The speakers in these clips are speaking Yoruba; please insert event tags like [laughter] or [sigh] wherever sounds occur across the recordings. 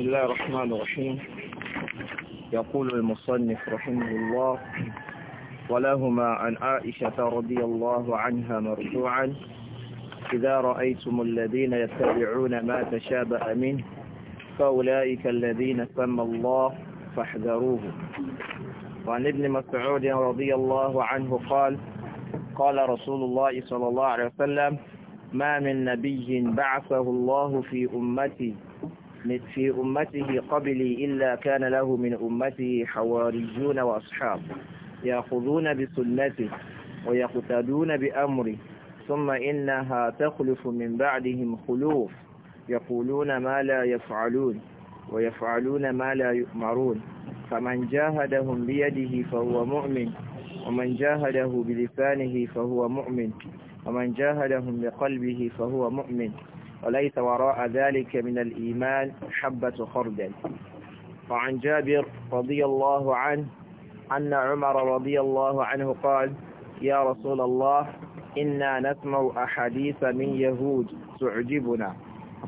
بسم الله الرحمن الرحيم يقول المصنف رحمه الله ولهما عن عائشة رضي الله عنها مرفوعا إذا رأيتم الذين يتبعون ما تشابه منه فأولئك الذين سمى الله فاحذروه وعن ابن مسعود رضي الله عنه قال قال رسول الله صلى الله عليه وسلم ما من نبي بعثه الله في أمتي في أمته قبلي إلا كان له من أمته حواريون وأصحاب يأخذون بسنته ويقتدون بأمره ثم إنها تخلف من بعدهم خلوف يقولون ما لا يفعلون ويفعلون ما لا يؤمرون فمن جاهدهم بيده فهو مؤمن ومن جاهده بلسانه فهو مؤمن ومن جاهدهم بقلبه فهو مؤمن وليس وراء ذلك من الإيمان حبة خردل وعن جابر رضي الله عنه أن عمر رضي الله عنه قال يا رسول الله إنا نسمع أحاديث من يهود تعجبنا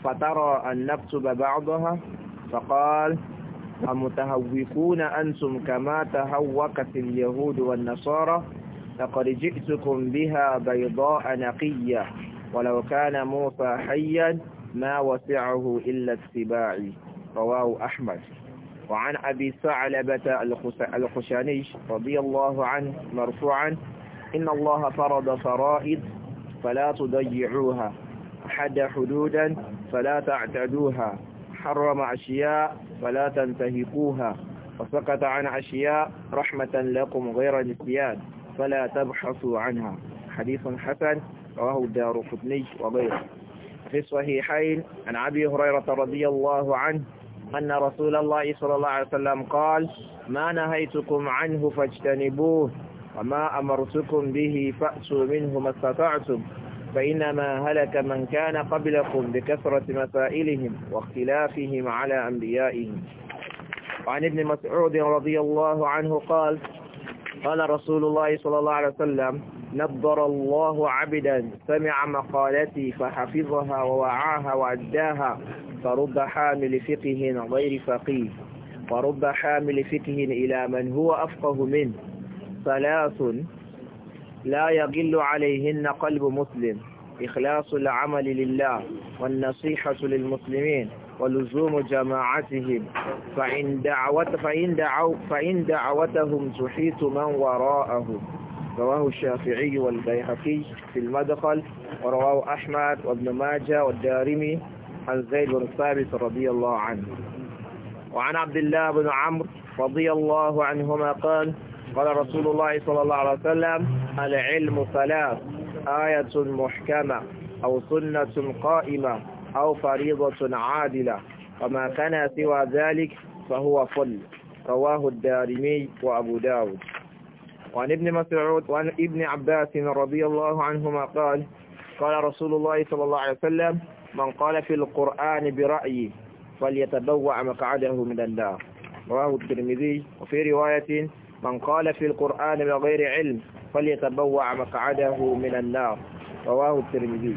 فترى أن نكتب بعضها فقال أمتهوكون أنتم كما تهوكت اليهود والنصارى لقد جئتكم بها بيضاء نقية ولو كان موسى حيا ما وسعه إلا اتباعي رواه أحمد وعن أبي ثعلبة الخشاني رضي الله عنه مرفوعا إن الله فرض فرائض فلا تضيعوها حد حدودا فلا تعتدوها حرم أشياء فلا تنتهكوها وسقط عن أشياء رحمة لكم غير نسيان فلا تبحثوا عنها حديث حسن رواه الدار قطني وغيره في الصحيحين عن أبي هريرة رضي الله عنه أن رسول الله صلى الله عليه وسلم قال ما نهيتكم عنه فاجتنبوه وما أمرتكم به فأتوا منه ما استطعتم فإنما هلك من كان قبلكم بكثرة مسائلهم واختلافهم على أنبيائهم وعن ابن مسعود رضي الله عنه قال قال رسول الله صلى الله عليه وسلم نبر الله عبدا سمع مقالتي فحفظها ووعاها وعداها فرب حامل فقه غير فقيه ورب حامل فقه إلى من هو أفقه منه ثلاث لا يقل عليهن قلب مسلم إخلاص العمل لله والنصيحة للمسلمين ولزوم جماعتهم فإن, دعوت فإن, دعو فإن دعوتهم تحيط من وراءهم رواه الشافعي والبيهقي في المدخل ورواه أحمد وابن ماجه والدارمي عن زيد بن ثابت رضي الله عنه وعن عبد الله بن عمرو رضي الله عنهما قال قال رسول الله صلى الله عليه وسلم العلم ثلاث آية محكمة أو سنة قائمة أو فريضة عادلة وما كان سوى ذلك فهو فل رواه الدارمي وأبو داود وعن ابن مسعود وعن ابن عباس رضي الله عنهما قال قال رسول الله صلى الله عليه وسلم من قال في القرآن برأيه فليتبوع مقعده من النار رواه الترمذي وفي رواية من قال في القرآن بغير علم فليتبوع مقعده من النار رواه الترمذي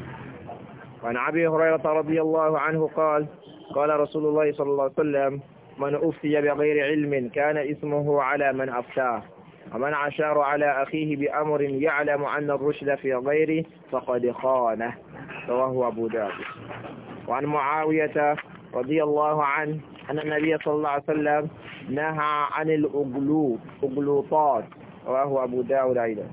وعن أبي هريرة رضي الله عنه قال قال رسول الله صلى الله عليه وسلم من أفتي بغير علم كان اسمه على من أفتاه ومن عشار على أخيه بأمر يعلم أن الرشد في غيره فقد خانه رواه أبو داود وعن معاوية رضي الله عنه أن النبي صلى الله عليه وسلم نهى عن الأغلوط أغلوطات رواه أبو داود أيضا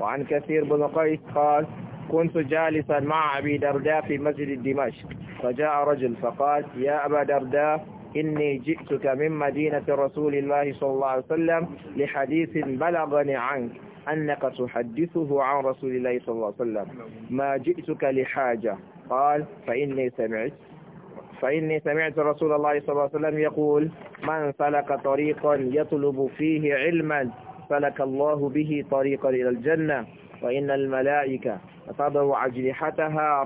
وعن كثير بن قيس قال كنت جالسا مع أبي درداء في مسجد دمشق فجاء رجل فقال يا أبا درداء إني جئتك من مدينة رسول الله صلى الله عليه وسلم لحديث بلغني عنك أنك تحدثه عن رسول الله صلى الله عليه وسلم ما جئتك لحاجة قال فإني سمعت فإني سمعت رسول الله صلى الله عليه وسلم يقول من سلك طريقا يطلب فيه علما سلك الله به طريقا إلى الجنة وإن الملائكة تضع أجنحتها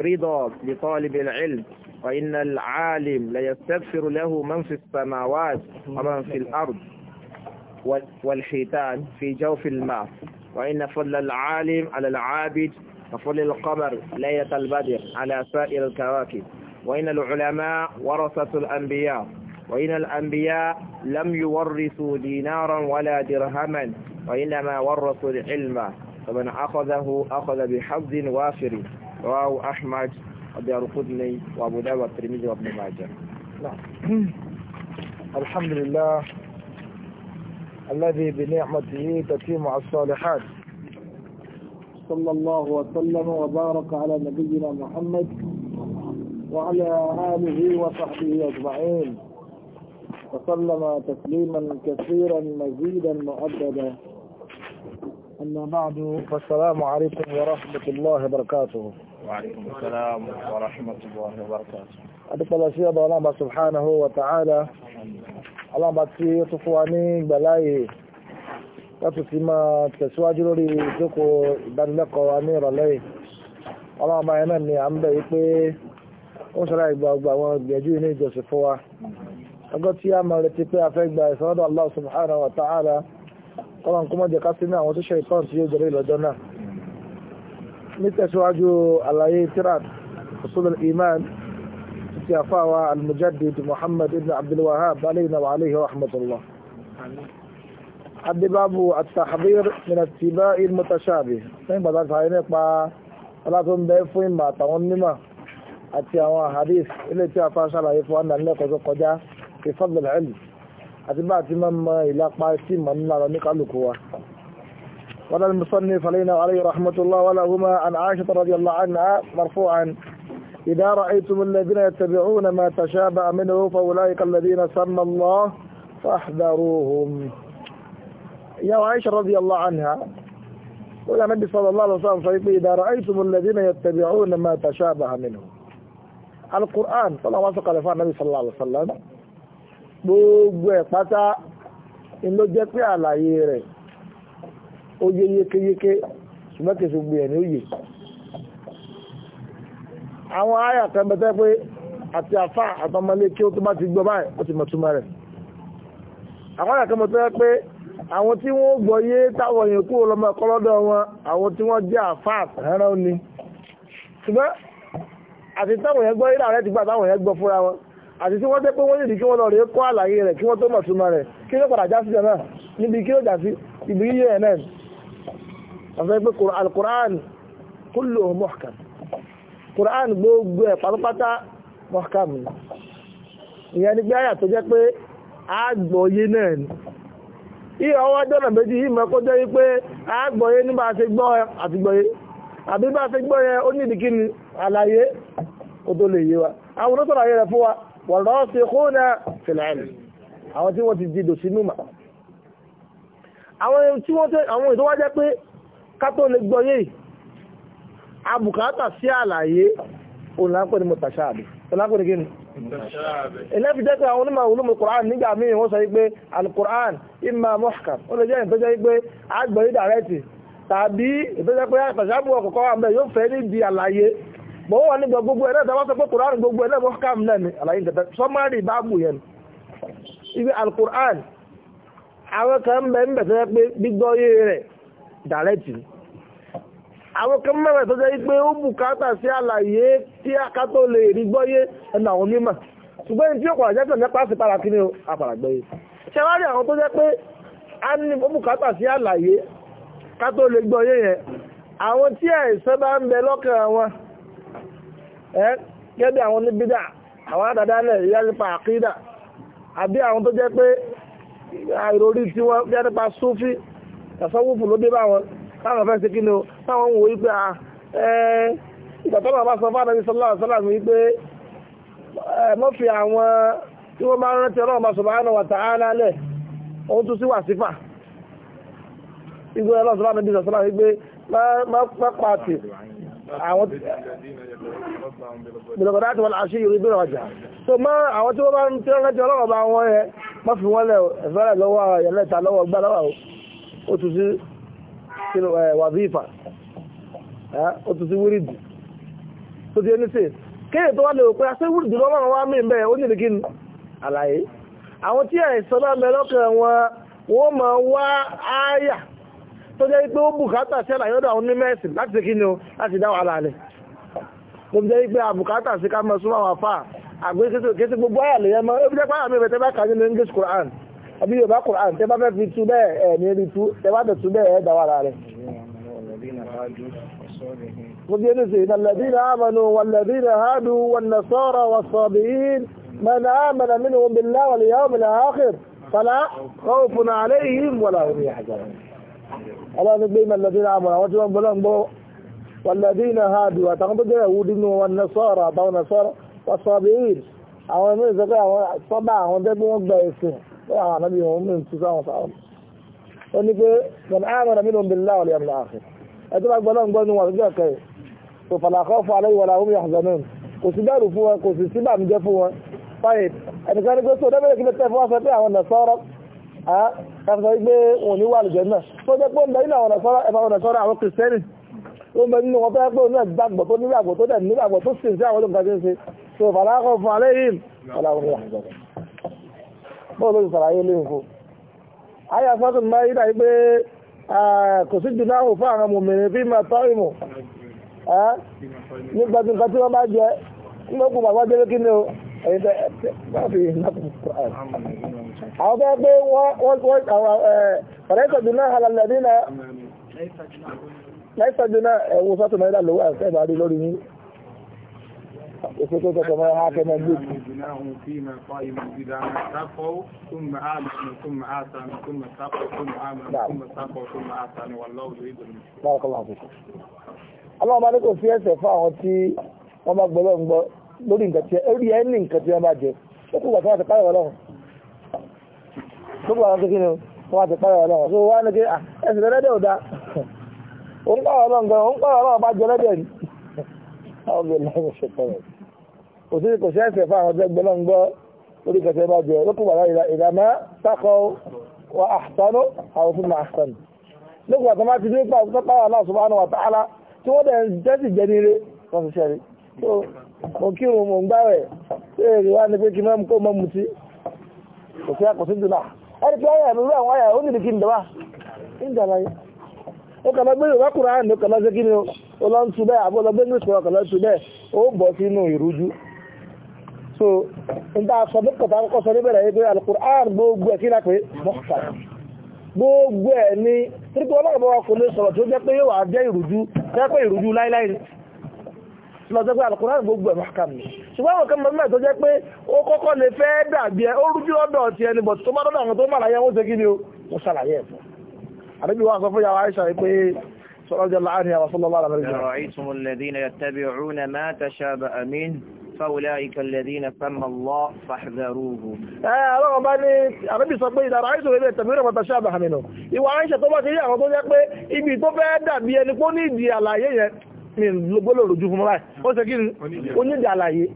رضا لطالب العلم فإن العالم ليستغفر له من في السماوات ومن في الأرض والحيتان في جوف الماء وإن فضل العالم على العابد كفضل القمر ليلة البدر على سائر الكواكب وإن العلماء ورثة الأنبياء وإن الأنبياء لم يورثوا دينارا ولا درهما وإنما ورثوا العلم فمن أخذه أخذ بحظ وافر رواه أحمد ابو قطني وأبو داود والترمذي وابن ماجه نعم [clears throat] الحمد لله الذي بنعمته تتم الصالحات صلى الله وسلم وبارك على نبينا محمد وعلى آله وصحبه أجمعين وسلم تسليما كثيرا مزيدا مؤددا أما بعد فالسلام عليكم ورحمة الله وبركاته adúpọ̀lọ̀ sí ọba ọlọ́mà subhanahu wa ta'ala ọlọ́mà tí ó tún fún wa ní gbàláyè láti fi máa tẹ̀síwájú lórí ìjókò ìdánilẹ́kọ̀ọ́ wa ní ìrọ̀lẹ́ ọlọ́mà ẹ̀nà ni à ń bẹ̀ yí pé ó ṣọ́ra ìgbà ọgbà àwọn ìgbẹ̀jú ní ìjọsìn fún wa ọgọ́ tí a máa retí pé a fẹ́ gba ìsọ́dọ̀ Allah subhanahu wa ta'ala sí ní àwọn tó ṣe ìtọ́n nítẹ̀síwájú àlàyé tírat usulul iman ti àfáwà al-mujaddid muhammad ibn abdulwahab alayna wa alayhi wa rahmatullah adébábù àtàhàbír nínú tìbá ilmutashabi lẹ́yìn pàtàkì àyẹ́ nípa ọlátún bẹ́ fún ìmọ̀ àtàwọn mímọ̀ àti àwọn hadith ilé tí a fa ṣàlàyé fún ọ̀nà ilé kọjọ́ kọjá ìfọ́dọ̀lẹ̀ àti bá àti mọ́ ìlápá sí ìmọ̀ nínú àwọn oníkálukú wa ولا المصنف علينا عليه رحمة الله ولهما عن عائشة رضي الله عنها مرفوعا إذا رأيتم الذين يتبعون ما تشابه منه فأولئك الذين سمى الله فاحذروهم يا عائشة رضي الله عنها ولا النبي صلى الله عليه وسلم صحيح إذا رأيتم الذين يتبعون ما تشابه منه القرآن صلى الله عليه وسلم النبي صلى الله عليه وسلم gbogbo ẹ̀ pátá in ló jẹ́ pé ó yé yékéyéké ṣùgbọ́n kìí ṣe gbìyàn ní òye àwọn àyà kan bẹ́tẹ́ pé àti àfà àtọmọlé kí ó tó bá ti gbọ́ báyìí ó ti mọ̀túnmọ̀ rẹ̀ àwọn àyà kan bẹ́tẹ́ pé àwọn tí wọ́n gbọ́ yé táwọn èèyàn kúrò lọ́mọ ẹ̀kọ́ lọ́dọ̀ wọn àwọn tí wọ́n jẹ́ àfà àtàrán ni ṣùgbọ́n àti táwọn èèyàn gbọ́ yé láàrẹ́ ti gbà táwọn èèyàn gbọ́ fúnra wọn àti tí wọ́n jẹ́ pé wọ́n lè di kí wọ́n lọ rèé kọ́ àlàyé rẹ̀ kí wọ́n tó mọ̀túnmọ̀ rẹ̀ kí ló padà já sí náà níbi kí ló já ìbí yíyẹ ẹ̀ náà àfẹ́gbé alukur'an kúlò mọ́kàn kur'an gbogbo ẹ̀ pátápátá mọ́kàn ìyẹn ni gbáyà tó jẹ́ pé àgbọ̀yé náà ni ìyẹn ọwọ́ jọ́nà méjì yìí mọ́ kó jẹ́ wípé àgbọ̀yé ní bá ṣe gbọ́ àti gbọ́yé àbí bá ṣe gbọ́ yẹn ó nídìí kíni àlàyé kó tó lè yé wa àwọn tó sọ̀rọ̀ ayé rẹ̀ fún wa wọ̀n ká tó lè gbọ́yé àbùkátà sí àlàyé òlàpọ̀ ni mutashabi òlàpọ̀ ni gíní ẹlẹ́fìdẹ́kọ̀ àwọn onímọ̀ olómi Qur'an nígbà míì wọ́n sọ wípé al-Qur'an imma muhkam ó lè jẹ́ ìtọ́jẹ́ wípé àgbọ̀yé dàrẹ́tì tàbí ìtọ́jẹ́ pé àtàṣàbù ọ̀kọ̀kọ́ àmì yóò fẹ́ níbi àlàyé bọ́ wọ́n nígbà gbogbo ẹ̀ náà sọ pé Qur'an gbogbo ẹ̀ náà muhkam náà ni àlàyé nǹkan sọ́mọ́rì báàbù yẹn ibi al àwọn kan bẹ̀ ń bẹ̀ tẹ́jẹ́ pé gbígbọ́yé rẹ̀ directly àwọn kan mẹ́rẹ̀ tó jẹ́ ipé ó bùkátà sí àlàyé tí a ká tó lè rí gbọ́yé ẹnu àwọn onímọ̀ ṣùgbọ́n tí ó pàdà jẹ́ tẹ̀lé pàṣẹ para kí ni àpàrà gbọ́yé àwọn tó jẹ́ pé a ní ó sí àlàyé ká tó lè gbọ́yé yẹn àwọn tí bá ń bẹ lọ́kàn wọn tasawufu ló dé bá wọn táwọn fẹ́ ṣe kí ni o táwọn ń wo wípé a ìgbà tó náà bá sọ fún àdáyé sọlá sọlá mi wípé mọ́ fi àwọn tí wọ́n bá rántí ọlọ́run bá sọ̀rọ̀ àánú wàtà áná lẹ̀ òun tún sí wà sífà ìgbé ọlọ́run sọlá mi bí sọlá wípé má pàtì àwọn bìlọ̀kọ̀dá àti wọn àṣírí orí bẹ̀rẹ̀ ọjà so mọ́ àwọn tí wọ́n bá rántí ọlọ́run bá wọn yẹ má fi wọ́n lẹ̀ ẹ̀fẹ́rẹ̀ lọ́wọ́ ẹ̀yẹ̀lẹ́ta lọ́wọ́ gbá lọ́wọ́ ó tún sí wàzífà ó tún sí wírídì tó ti ẹni sí kéèyàn tó wá lè pé aṣẹ́ wírídì lọ́wọ́ wá mí bẹ́ẹ̀ ó nílùú kíni àlàyé àwọn tí àìsàn bá mẹ lọ́kàn wọn wọ́n máa wá ááyà tó jẹ́ pé ó bùkátà sí àlàyé ọ̀dọ̀ àwọn onímọ̀ ẹ̀sìn láti ṣe kíni o láti dá wàhálà rẹ̀ mo jẹ́ pé àbùkátà sí ká mọ̀ súnmọ́ àwọn àfà àgbẹ̀ gbogbo àyà lè yẹ mọ́ ebi jẹ́ pé àmì ìbẹ̀tẹ́ bá kà àbí yorùbá quran tẹ́ bá fẹ́ fi tú bẹ́ẹ̀ ẹ̀ ní rí tú tẹ́ bá fẹ́ tú bẹ́ẹ̀ ẹ̀ dá wàrà rẹ̀. gbogbo ẹni sèyí na lẹ́dínà àmàlù wà lẹ́dínà hádù wà nàṣọ́rọ̀ wà sọ̀bìyìn من آمن منهم بالله واليوم الآخر فلا خوف عليهم ولا هم يحزنون الله نبينا الذين آمنوا وجوا بلنبو والذين هادوا تقبض يهود والنصارى أو نصارى والصابئين أو من زكاة صباح وانتبه وانتبه àwọn ànábì wọn mú ìtú sáwọn sáwọn ó ní pé wọn àmọ́ rẹ̀ mílùú bíi láwọlẹ̀ ẹ̀mí àfẹ́ ẹjọ́ bá gbọ́dọ̀ ń gbọ́ ní wọn lójú ẹ̀kẹ́ yìí kò fàlàkọ́ fún alẹ́ ìwọ̀lá omi àzọ́nù kò sí bẹ̀rù fún wọn kò sì sí bàmíjẹ́ fún wọn fáyé ẹnìkan ní pé tó dẹ́bẹ̀rẹ̀ kí lẹ́tẹ̀ fún wọn sọ pé àwọn nàṣọ́rọ́ káfíńsọ gbé wọn ní wà lùjẹ́ náà tó jẹ́ pé ń bẹ nínú àwọn nàṣọ́rọ́ ẹ̀fà àwọn nàṣọ́rọ́ àwọn kìrìsìtẹ́nì ó ń bẹ nínú wọn fẹ́ pé òun náà gbàgbọ́ tó nígbàgbọ́ tó dẹ̀ nígbàgbọ́ tó sì ń sí àwọn olùkọ́ bọ́ọ̀ ló ti sàlàyé lé nǹkan àyà sọ́tún máa yí dàí pé kò sí jù náà fún àwọn mòmìnirin fi máa tọ́ ìmọ̀ ní gbàtí nǹkan tí wọ́n bá jẹ nígbàkú bàbá jẹ́ kí ni o ẹ̀yìn tẹ́ bá fi àwọn fẹ́ pé wọ́n ọ̀rẹ́sọ̀ jù náà halal nàbí náà láìsọ̀ jù náà ẹ̀wọ̀n sọ́tún máa yí dà lówó àti ẹ̀bà rí lórí وسكوت كما هكذا الجد جناهم فيما قائم إذا ما اتقوا ثم آمنوا ثم آتنوا ثم اتقوا ثم آمنوا ثم اتقوا ثم آتنوا والله يريد المسلمين بارك الله فيك اللهم عليك في ẹsẹ̀ fún àwọn tí wọ́n bá gbọ́ lọ́wọ́ gbọ́ lórí nǹkan tí orí ẹ ní nǹkan tí wọ́n bá jẹ ó kú wà tí wọ́n ti pààrọ̀ ọlọ́run tó kú wà tí wọ́n ti pààrọ̀ ọlọ́run tó wá ní kí ah, ẹsẹ̀ lẹ́dẹ̀ ò dá òun pààrọ̀ ọlọ́run gan òun pààrọ̀ ọlọ́run bá jẹ lẹ́dẹ̀ rí ọgbẹ̀ lọ́wọ́ ṣẹ̀tọ̀rọ̀ kò sí kò sí ẹ̀sẹ̀ fáwọn ọjọ́ gbọ́nà ń gbọ́ lórí kẹsẹ̀ bá jẹ́ lókùn wà láyé ìdámá sákọ̀ wa àṣánú àwọn fún máa sàn lókùn wà tó máa ti dé pa àwọn tọ́pá Allah subhanahu wa ta'ala tí wọ́n dẹ̀ jẹ́sì jẹ́ nílé wọ́n ti ṣẹ̀rí mo kírun mo ń gbáwẹ̀ tí èrè wá ní pé kí mẹ́mú kó mọ́ mu ti kò sí àkọsí jù náà ẹni tí olóńtú bẹ́ẹ̀ àbọ́lọ́gbé ní ìṣòro ọ̀kọ̀ lọ́tú bẹ́ẹ̀ ó bọ̀ sínú ìrújú so n ta sọ bí kọ̀tà kọ́ sọ níbẹ̀rẹ̀ yìí pé alukur'an gbogbo ẹ̀ kí n pè mọ́kàtà gbogbo ẹ̀ ni títí ọlọ́run bọ́wọ́ kò lè sọ̀rọ̀ tó jẹ́ pé yóò wà jẹ́ ìrújú jẹ́ pé ìrújú láíláí lọ́jọ́ pé alukur'an gbogbo ẹ̀ mọ́kàtà mi ṣùgbọ́n àwọn kan mọ̀ tó jẹ́ pé ó kọ́kọ́ lè fẹ́ dàbí ẹ ó rújú lọ́dọ̀ ti ẹni bọ̀ tó bá lọ́dọ̀ àwọn tó mọ̀ láyé wọ́n ṣe kí ni ó ṣàlàyé ẹ̀fọ́ àdébíwá sọ fún yàrá àìsàn pé رضي الله عنها وصلى الله على نبينا رأيتم الذين يتبعون ما تشابه منه فأولئك الذين سمى الله فاحذروه اه رغم اني النبي صلى الله عليه وسلم رأيتم الذين يتبعون ما تشابه منه ìwà Àìṣà tó bá ti rí àwọn tó jẹ́ pé ibi tó fẹ́ dàbí ẹni pé ó ní ìdí àlàyé yẹn mi gbọ́lọ̀ lójú fún mọ́láì ó ṣe kí ni ó ní ìdí àlàyé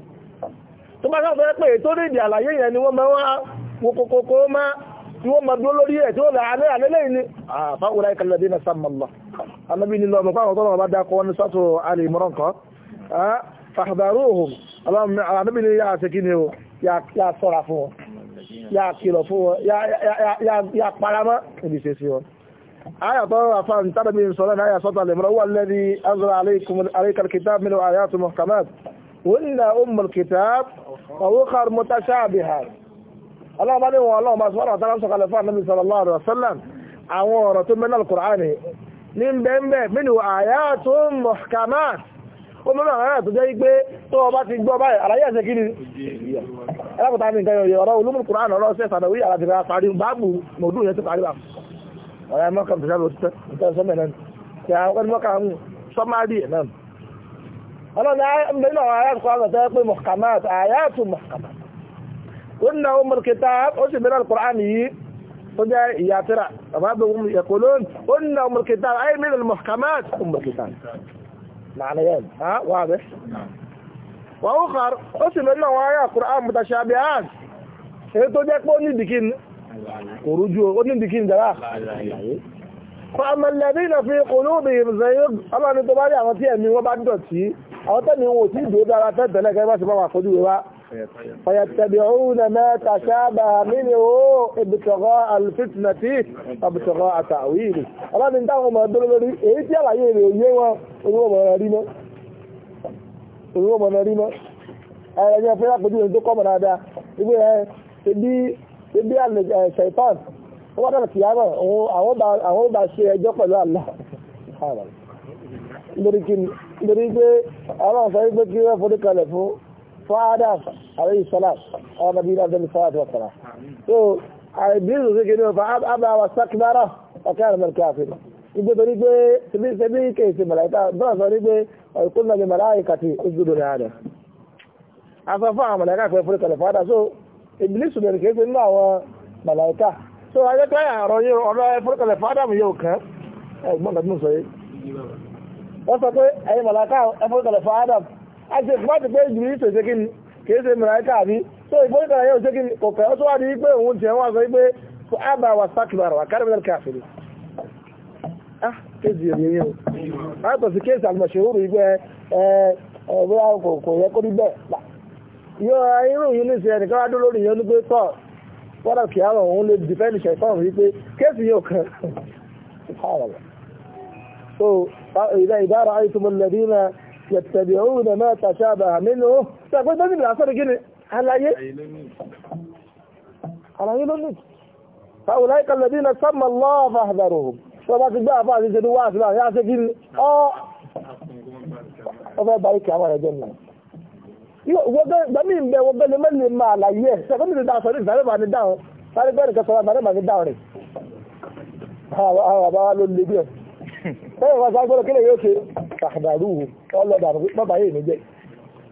tó bá sáà tó jẹ́ pé tó ní ìdí àlàyé yẹn ni wọ́n mẹ́wàá wo kòkòkò máa tí wọ́n mọ̀ dúró lórí ẹ̀ tí ó lè alẹ́ àlẹ́lẹ́yìn ni àfáwọ́lá ah, ìkàlẹ̀ anábì nílọ ọmọ pàwọn tọ́lọ̀ bá dákọ wọn ní sọ́tò alì mọ́rán kan fàbàrúhùn anábì ní yá àti kíni o yá sọ́ra fún wọn yá kìlọ̀ fún wọn yá paramọ́ níbi sí wọn ayàtọ̀ àfáàn tàbí sọ́lá náà sọ́tò alì mọ́rán àwọn ọ̀rọ̀ tó mẹ́nà al-Qur'ani ní bẹ́ẹ̀bẹ́ mínú àyà tó muhkamat ó mọ́nà àyà tó jẹ́ pé tó ọba ti gbọ́ báyìí àlàyé ẹ̀sẹ̀ kí ni ẹlẹ́kùnta ní nǹkan yọ̀yọ̀ ọ̀rọ̀ olúmùn kùrán ọ̀rọ̀ ṣẹ́ sàdọ̀wí àti parí báàbù mọ̀dú yẹn ti parí bá ọ̀rẹ́ mọ́kàn tó sábò tẹ́ sọ́mẹ̀ náà tí a فجاء يا ترى بعضهم يقولون قلنا أم الكتاب أي من المحكمات أم الكتاب معنيان ها واضح وأخر قسم أنه آية قرآن متشابهات ètò jẹ́ pé ó ní ìdíkín kò rújú ó ní ìdíkín dára fàmàlẹ̀bí na fi kòlóòbì ìrìnzẹ̀yọ́ ọlọ́ni tó bá rí àwọn tí ẹ̀mí wọ́n bá dọ̀tí àwọn tẹ́mi wọ́n tí ìdó dára tẹ́tẹ̀lẹ́gẹ́ bá ti bá wà kójú wá فيتبعون ما تشابه منه ابتغاء الفتنة ابتغاء تأويله ọlọ́dún ní táwọn ọmọ ẹ̀dọ́rọ̀ lórí èyí tí àlàyé rẹ̀ òye wọn oníwọ̀mọ̀nà rí mọ́ ẹ̀rẹ̀ ní ọ̀fẹ́ àpójú ìrìn tó kọ́ mọ̀ dáadáa ibi ẹ̀ ṣebí ṣẹ̀tàn ó wá dára kìyàmọ̀ àwọn bá ṣe ẹjọ́ pẹ̀lú Allah lórí pé àwọn ọ̀sán wípé kí wọ́n forí kalẹ̀ fún father alayhi salam our nabi alayhi salatu wa salam so àìbírù sí kìíní ọba abáwa sákìbára ọ̀kẹ́ àrùn mẹ́rìkàfẹ́ ìgbé torí pé ṣebí ṣebí kèèṣì màláìka bọ́ọ̀ sọ ní pé ọ̀ìkún náà ni màláìka ti ojúdó ní ààrẹ afẹ́ fún àwọn màláìka pẹ̀lú fún ìkàlẹ̀ fàádà so ìbílísù bẹ̀rẹ̀ kìí ṣe nínú àwọn so ayẹ́kẹ́ àrọ̀ yìí ọ̀rọ̀ fún ìkàlẹ̀ fàádà mi yóò kàn ẹ̀gbọ́n kan tún sọ yìí wọ́n sọ pé ẹ̀yin màláìka ẹ fún ìkàlẹ̀ fàádà a ṣe ìfúnpáàtì pé jùlọ yìí tòṣe kíni kìí ṣe mìíràn àbí tó ìgbóríkà yóò ṣe kíni kò kẹ́ ó tó wá di pé òun jẹ́ wọn sọ pé kò ábà wà sákìbàrà wà kárí mẹ́rin káfíìrì ah kéèsì èrè yẹn o látọ̀ sí kéèsì àlùmọ̀ṣẹ́wòrò yìí pé ẹ ẹ bóyá kò yẹ kó rí bẹ́ẹ̀ yóò irú yìí ní ìṣẹ́ ẹnìkan wá dúró lórí yẹ̀tẹ̀bẹ̀ òun náà máa tàṣà àbà nínú ṣàpẹ́ tó nílò àṣọ́rọ̀ gíní aláyé aláyé ló ní fàwọn láìka lẹ́bí na sọ́mọ̀ lọ́ọ̀fà àdàrò tó bá ti gbá àfà àti ìṣẹ́lú wá àti láàrin àṣẹ gíní ọ́ ọba bá ikẹ̀ àwọn ẹ̀jẹ̀ nà gbẹ̀mí ń bẹ wọ́n bẹ́lẹ̀ mẹ́lẹ̀ máa àlàyé ẹ̀ ṣàpẹ́ mi ti dá sọ́rí ìfẹ́ bá ní dáhùn sáré bẹ́ẹ̀ nìkan sọ́ra bá ní dáhùn rẹ̀ àwọn àbáwá ló le bí ẹ̀ bẹ́ẹ̀ wọ́n sáàgbọ́rọ̀ kílẹ̀ yóò ṣe tàdàrú ọlọ́dàrú bàbá yìí níjẹ́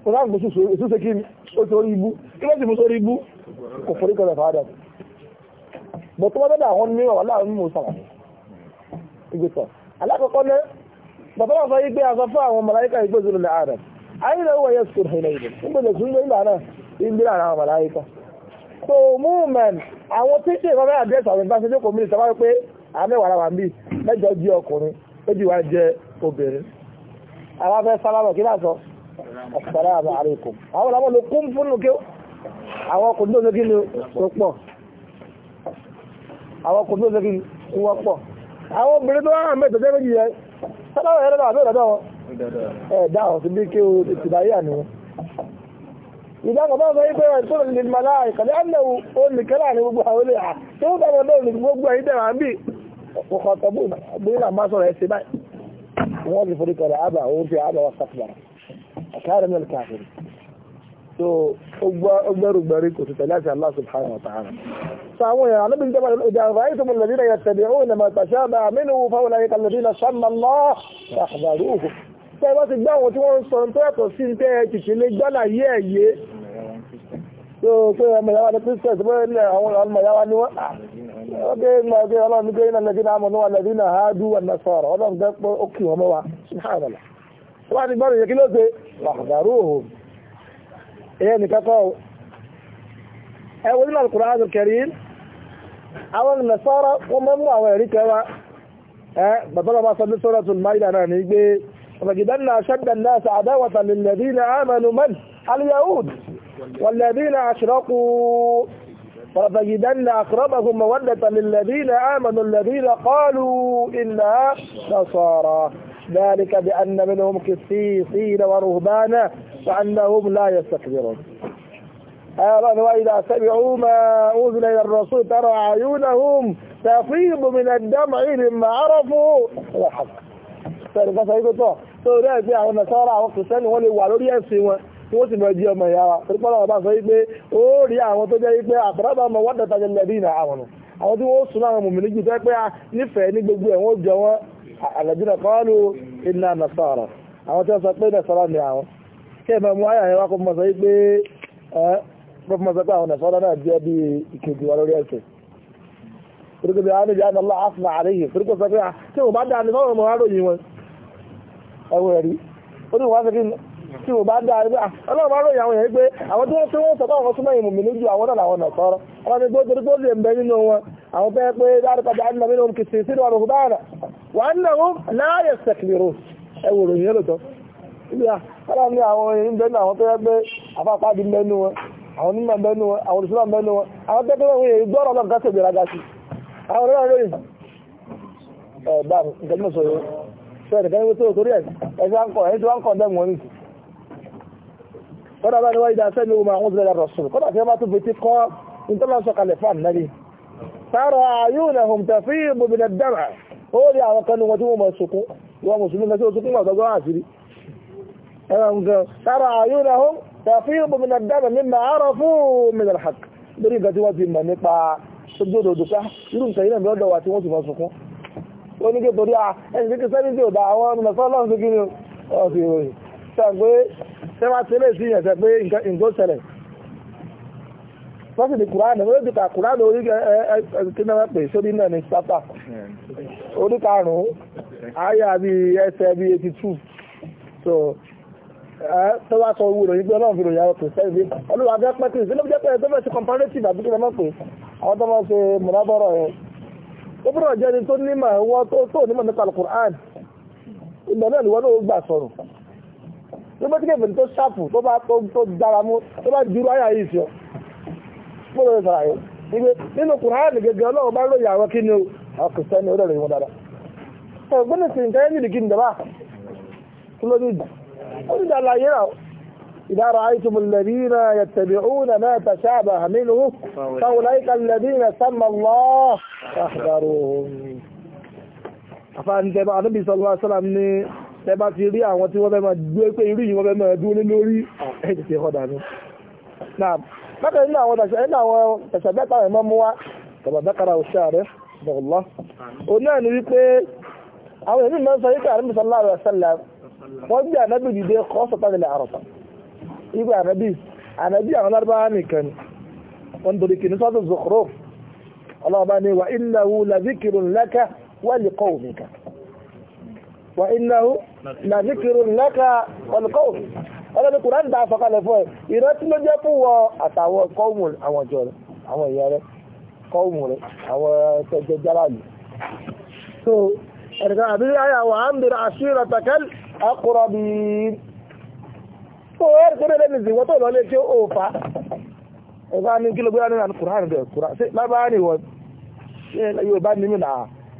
wọ́n sáàgbọ́ ṣúṣe kí ó sórí ibú kí ló sì mú sórí ibú kò forí kọlẹ̀ fàádà bọ̀ tó wọ́n àwọn mìíràn wà láàrin mú sàrà ìgbésọ̀ alákọ̀ọ́kọ́ náà bàbá náà sọ yí pé àsọ fún àwọn màláíkà ìgbé zulu lè ààrẹ ayé lọ́wọ́ yẹ sùn hìnà ìdè nígbà tó sún gbé náà ìgbé ara àwọn màláíkà so movement àwọn tíṣe ìfọwọ́ àdẹ́sà àwọn ìbáṣẹ́jọ́ kò mí ìsọwọ́ pé àmẹ́wàá wà ń bí mẹ́jọ jí ọkùnrin ó wa wá jẹ obìnrin àwọn afẹ́ sálámọ̀ kí láàtọ̀ assalamu alaikum àwọn ọ̀làwọ̀ ló kún fún nù kí àwọn ọkùnrin lóòsẹ́ kí ni ó pọ̀ àwọn ọkùnrin lóòsẹ́ kí ni ó wọ́n pọ̀ àwọn obìnrin tó wá hàn mẹ́tọ̀ jẹ́ méjì yẹn sálámọ̀ yẹn lọ́dọ̀ àbẹ́ ìdọ́dọ̀ wọn ẹ̀dá ọ̀sìn bí kí o ti dáyé àníwọ̀n idan ọba zai bẹ̀rẹ̀ ìtọ́rọ̀ lè màláà ìkàlẹ́ ànàwò olùkẹ́lá tó bá wọn ọkọ̀ tọ́bù bílà bá sọ̀rọ̀ ẹ̀sẹ̀ báyìí wọ́n ti forí kọ̀rọ̀ àbà òun ti àbà wọn sàkùbàrà àkàrà mẹ́lì káàkiri so ọgbẹ́rùgbẹ́rí kò tẹ̀lé láti Allah subhanahu wa ta'ala so àwọn èèyàn anábì jẹ́ bàtà ìjà àwọn àìsàn mọ̀ lọ́dí náà tẹ̀lé ó nà màtà pé ọmọ ìyáwá ní christian pé ilẹ̀ àwọn ọmọ ìyáwá ni wọ́n ọdẹ ìgbà ọdẹ ọlọ́run ní kéyìn alẹ́dínà àmọ́nú alẹ́dínà àádú ànàsọ̀rọ̀ ọlọ́run tẹ́ pé ó kì wọ́n mọ́ wa ṣùgbọ́n wọ́n ti gbọ́dọ̀ yẹ kí ló ṣe wàhùdàrú òhùn ẹ̀yẹ nìkan kọ́ ẹ wo nínú Al-Qur'an Karim àwọn nàṣọ́rọ̀ wọ́n mọ́ mú àwọn ẹ̀rí kẹwa ẹ bàbá bàbá sọ ní Suratul Maida náà ní gbé ọmọ ìgbẹ́ náà ṣẹ́gbẹ̀ náà sàdáwọ̀tà lil ladina amanu man al-yahud والذين أشرقوا فتجدن أقربهم مودة للذين آمنوا الذين قالوا إنا نصارى ذلك بأن منهم كسيسين ورهبانا وأنهم لا يستكبرون آمن وإذا سمعوا ما أنزل إلى الرسول ترى عيونهم تفيض من الدمع مما عرفوا الحق. sẹ́ni kan sọ wípé tọ̀ tó rí ẹ̀ sí tí ó sì mọ̀ jí ọmọ ìyá wa torípọ́lá ọba sọ wípé ó rí àwọn tó jẹ́ wípé àkọ́rọ́bà ọmọ wọ́n dẹ̀ta jẹ́ lẹ́bí ìnà àwọn nù àwọn tí wọ́n sùn àwọn mùmìnì jù tó pé nífẹ̀ẹ́ ní gbogbo ẹ̀ wọ́n jọ wọ́n àlàjìnà iná nasara àwọn tí wọ́n sọ pé ni àwọn kí mú ayà kó sọ wípé sọ pé àwọn náà jẹ́ bí wa lórí ẹsẹ̀ tí ò bá dá ẹgbẹ́ ọlọ́run arọ́ ìyàwó yẹn pé àwọn tí wọ́n tí wọ́n sọ̀tọ̀ àwọn súnmọ́ ìmùmí lójú àwọn náà làwọn nọ̀sọ́rọ́ ọmọ mi gbóòtò tó lè mbẹ nínú wọn àwọn bẹ́ẹ̀ pé dárúkọjá ń lọmí kìsì ọ̀rọ̀ láàyè ròyìn kọ́dà bá ní wáyé dá sẹ́ni ogun àwọn òṣèlú rọ̀sùn kọ́dà tí wọ́n bá tún fi ti kọ́ ìtọ́lọ́sọ kalẹ̀ fún ànábì sáàrọ̀ ayúnahùn tàfí ìbòmìnà dára ó rí àwọn kan ní wọn tí wọ́n mọ̀ sókún wọ́n mùsùlùmí kan tí ó sókún wà gbogbo àṣírí ẹran gan sáàrọ̀ ayúnahùn tàfí ìbòmìnà dára nígbà àárọ̀ fún mìnà hàk lórí nǹkan nípa sàgbé tẹ́wà tí lè sí ìyẹ̀sẹ̀ pé nǹkan ṣẹlẹ̀ wọ́n sì ní kùránì wọ́n sì kà kùránì orí kínáwà pè sórí náà ní sápà orí karùn-ún àyà bí ẹsẹ̀ bí 82 so tẹ́wà sọ owó ròyìn pé ọlọ́run fi ròyìn àwọn pèsè ìwé olúwa fẹ́ pẹ́ kìí sílẹ̀ jẹ́ pé ẹgbẹ́ sí comparative àbí kínáwà pè àwọn tó máa ṣe mọ̀lábọ̀rọ̀ yẹn ó bọ̀rọ̀ jẹ́ni tó nímọ̀ ẹ̀wọ́ tó nímọ̀ nípa kùránì ìgbà náà ni wọ́n náà gbà sọ̀rọ̀ tó bá tíkẹ̀ pẹ̀lú tó ṣàpù tó bá tó dára mú tó bá dúró ayà yìí sí ọ gbọ́dọ̀ ìfàrà yìí nígbé nínú kùnrin gẹ́gẹ́ ọlọ́run bá lóye àwọn kíni àwọn kìrìsìtẹ́nì ó dẹ̀rẹ̀ wọn dára إذا رأيتم الذين يتبعون ما تشابه منه فأولئك الذين سمى الله فاحذروهم أفأنت بعد النبي الله عليه tẹ bá ti rí àwọn tí wọ́n fẹ́ máa gbé pé irú yìí wọ́n fẹ́ máa dúró lé lórí ẹ̀jẹ̀ ti ọ̀dà ni. bákan nínú àwọn tẹ̀sẹ̀ nínú àwọn tẹ̀sẹ̀ bẹ́ta rẹ̀ máa mú wá bàbá bẹ́kara òṣà rẹ̀ bọ̀lá. òun náà ni wípé àwọn èmi máa ń sọ yíká àrùn sallallahu alaihi wasallam wọ́n gbé ànábì dìde kọ́ sọ̀tàlẹ̀ àrọ̀tà. ibi ànábì ànábì àwọn lárúbáwá nìkan wọn torí kì ní sọ́tò ọlọ́ọ̀bá ni wà innahu la dhikrun laka wa liqawmika wà innahu na zikiru lẹ́ka ọ̀nìkọ́ ọlọ́ni kùrán dá àfọ̀kalẹ̀ fún ẹ̀ ìrántí ló jẹ́ fún wọn àtàwọn kọ́ọ̀mù so ẹ̀rẹ̀kan àbí ayà wà á ń bèrè àṣírà tàkẹ́l akọrọ̀ bí i na ẹ̀rẹ̀ na.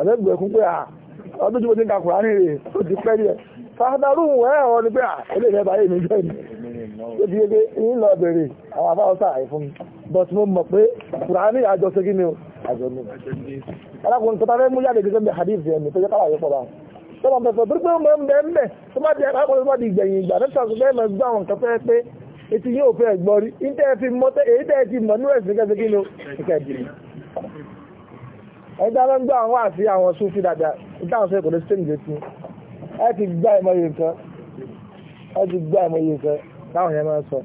àbẹ́gbẹ̀ ẹ̀kún pé ọdún tí mo ti ń ka Kùránì rè ó ti pẹ́ díẹ̀ fàdárù wẹ́ ọ̀rọ̀ ni pé ilé ìrẹ́bà yìí mi jẹ́ ìlú bí i pé ń lọ bèèrè àwọn afá ọ̀sá àìfún but mo mọ̀ pé Kùránì àjọ ṣe gíní àjọ mi alákùnrin tó tàbí mú jáde gẹ́gẹ́ bí hadith yẹn mi tó jẹ́ káwà yọpọ̀ bá tó mọ̀ pẹ̀sọ̀ pé mo ń bẹ̀ ń bẹ̀ tó bá di akákùnrin bá di ìgbẹ̀yìn ìgbà ní sàkó bẹ́ẹ̀ mọ̀ gbọ́ àwọn nǹkan fẹ́ pé etí yóò fẹ́ gbọ́ rí èyí tẹ́ fi mọ́ èyí tẹ́ fi mọ̀ nú ẹ̀sìn kẹ́sẹ̀ gíní ẹ̀dá ló ń gbọ́ àwọn àfi àwọn súnfì dàda ìdáhùn sẹ́kọ̀ọ́ ló sẹ́yìn létí ẹ ti gbá ìmọye nǹkan ẹ ti gbá ìmọye nǹkan táwọn yẹn máa ń sọ.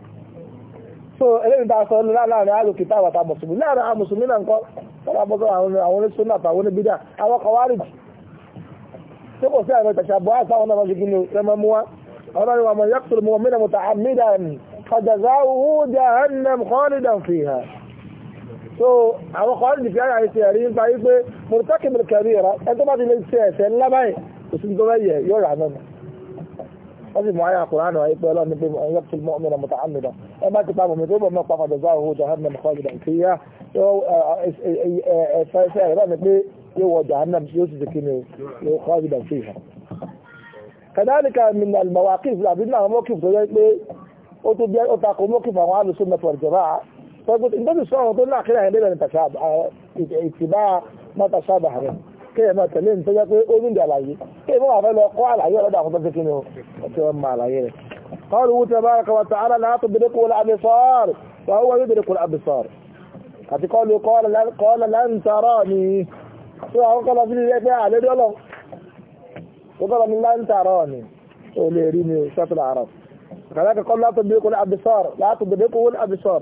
so eléyìí tá a sọ láàárín àlòkì táwọn àtà mùsùlùmí láàárín àwọn mùsùlùmí náà kọ́ tọ́lá bọ́ àwọn oníṣúná àtàwọn oníbídà àwọn kọ̀wárìjì سو انا قاعد في جاي سيارين باي بي مرتكب الكبيره انت ما دي لسه لا باي بس انت باي يلا انا هذه معايا قران وهي بيقول ان يقتل المؤمن متعمدا ما كتابه مذوب ما طاف هو جهنم خالدا فيها او فسر بي يو جهنم يوسف يو خالدا فيها كذلك من المواقف لا بدنا موقف زي ايه او تبيع او تاكو موقف عن اهل السنه والجماعه فقلت ان باب الصعب لا كده هيبقى متشابه اتباع ما تشابه منه كيف ما تلين تجا اوزن دي على كيف ما عرف قوى على يلا ده خطر كده ما على قالوا تبارك وتعالى لا تدركوا الابصار فهو يدرك الابصار قال لن, kọ́ọ̀lá láńtàrá ni tí àwọn kọ́lá sí ilé pé àlérí ọlọ́run tó kọ́lá ní láńtàrá ni tó lè rí قال لا تدركوا الأبصار لا تدركوا الأبصار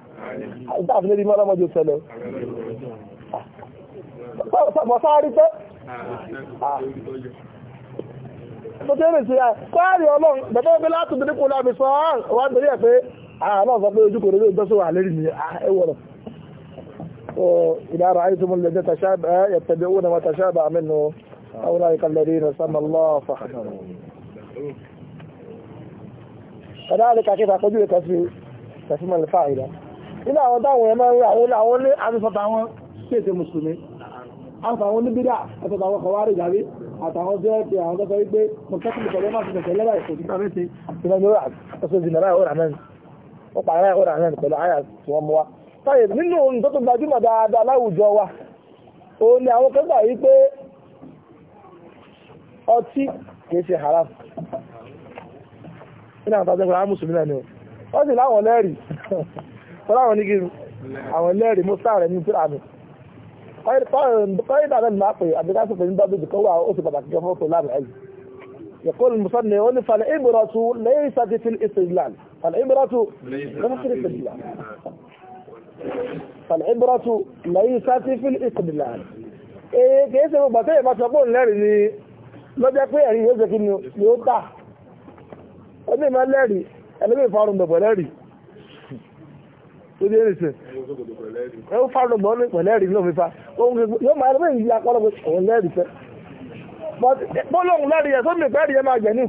dáàfin lérí mọ́ ọlọ́mọdé ṣẹlẹ̀ bọ́ sáárí tẹ́ tó tẹ́ rìn sí ẹ̀ sáárí ọlọ́run bẹ̀tẹ́ pé láti bí nípò láàbí sọ wá nítorí ẹ̀ pé àwọn sọ pé ojú kò rẹ̀ رأيتم الذين تشابه يتبعون ما تشابه منه أولئك الذين سمى الله فحسنهم كذلك كيف أقول لك في تسمى الفاعلة nínú àwọn táwọn ẹ̀ máa ń rà àwọn ní àtúnṣọ́ta wọn sí ètò mùsùlùmí àtàwọn oníbídà àtàwọn àwọn kọwárí ìgbàrí àtàwọn jẹ́ ti àwọn tọ́tọ́ wípé mo tẹ́kùn ìṣẹ̀lẹ̀ máa ti tẹ̀sẹ̀ lẹ́bàá ìṣòkú títà méjì ìrọ̀lẹ́ òrà ọ̀sọ̀ ìdìnà ráì òrà náà ó pàrọ̀ ráì òrà náà pẹ̀lú àyà tí wọ́n mú wa táyè nínú ohun tó tó gbajúmọ̀ dáadáa láwùjọ wa òun ni àwọn kẹgbà yìí pé ọtí kìí ṣe haram nínú àwọn tàbí ẹgbẹ̀rún mùsùlùmí náà ni ó sì láwọn lẹ́rìí tọ́lá àwọn onígiri àwọn ẹlẹ́rìí mo sáà rẹ̀ ní tíra mi kọ́ìdà náà máa pè àbíkásí pé ní dábìlì kọ́ wà ó sì pàtàkì kan fọ́tò láàrín ẹ̀yìn يقول المصنف هنا فالعبرة ليست في الاستدلال فالعبرة ليست في في الاستدلال ايه كيف يبقى تيه ما تقول لẹ́rìí ni lọ́jọ́ pé ẹ̀rí yóò jẹ́ kí ni ó tà ó ní ẹlẹ́gbẹ̀ẹ́ fọ́rùn bẹ̀bẹ̀ lẹ́rìí tó dé rèé sìn. ẹ ó fa lọ́gbọ̀n ní pẹ̀lẹ́ rí náà fífa yóò máa lọ́wọ́ ìyá pọ́lọ́ pé òun lẹ́rìí fẹ́. bọ́lọ́hùn lẹ́rìí ẹ̀ tó mi pẹ́ rí ẹ máa jẹ ní.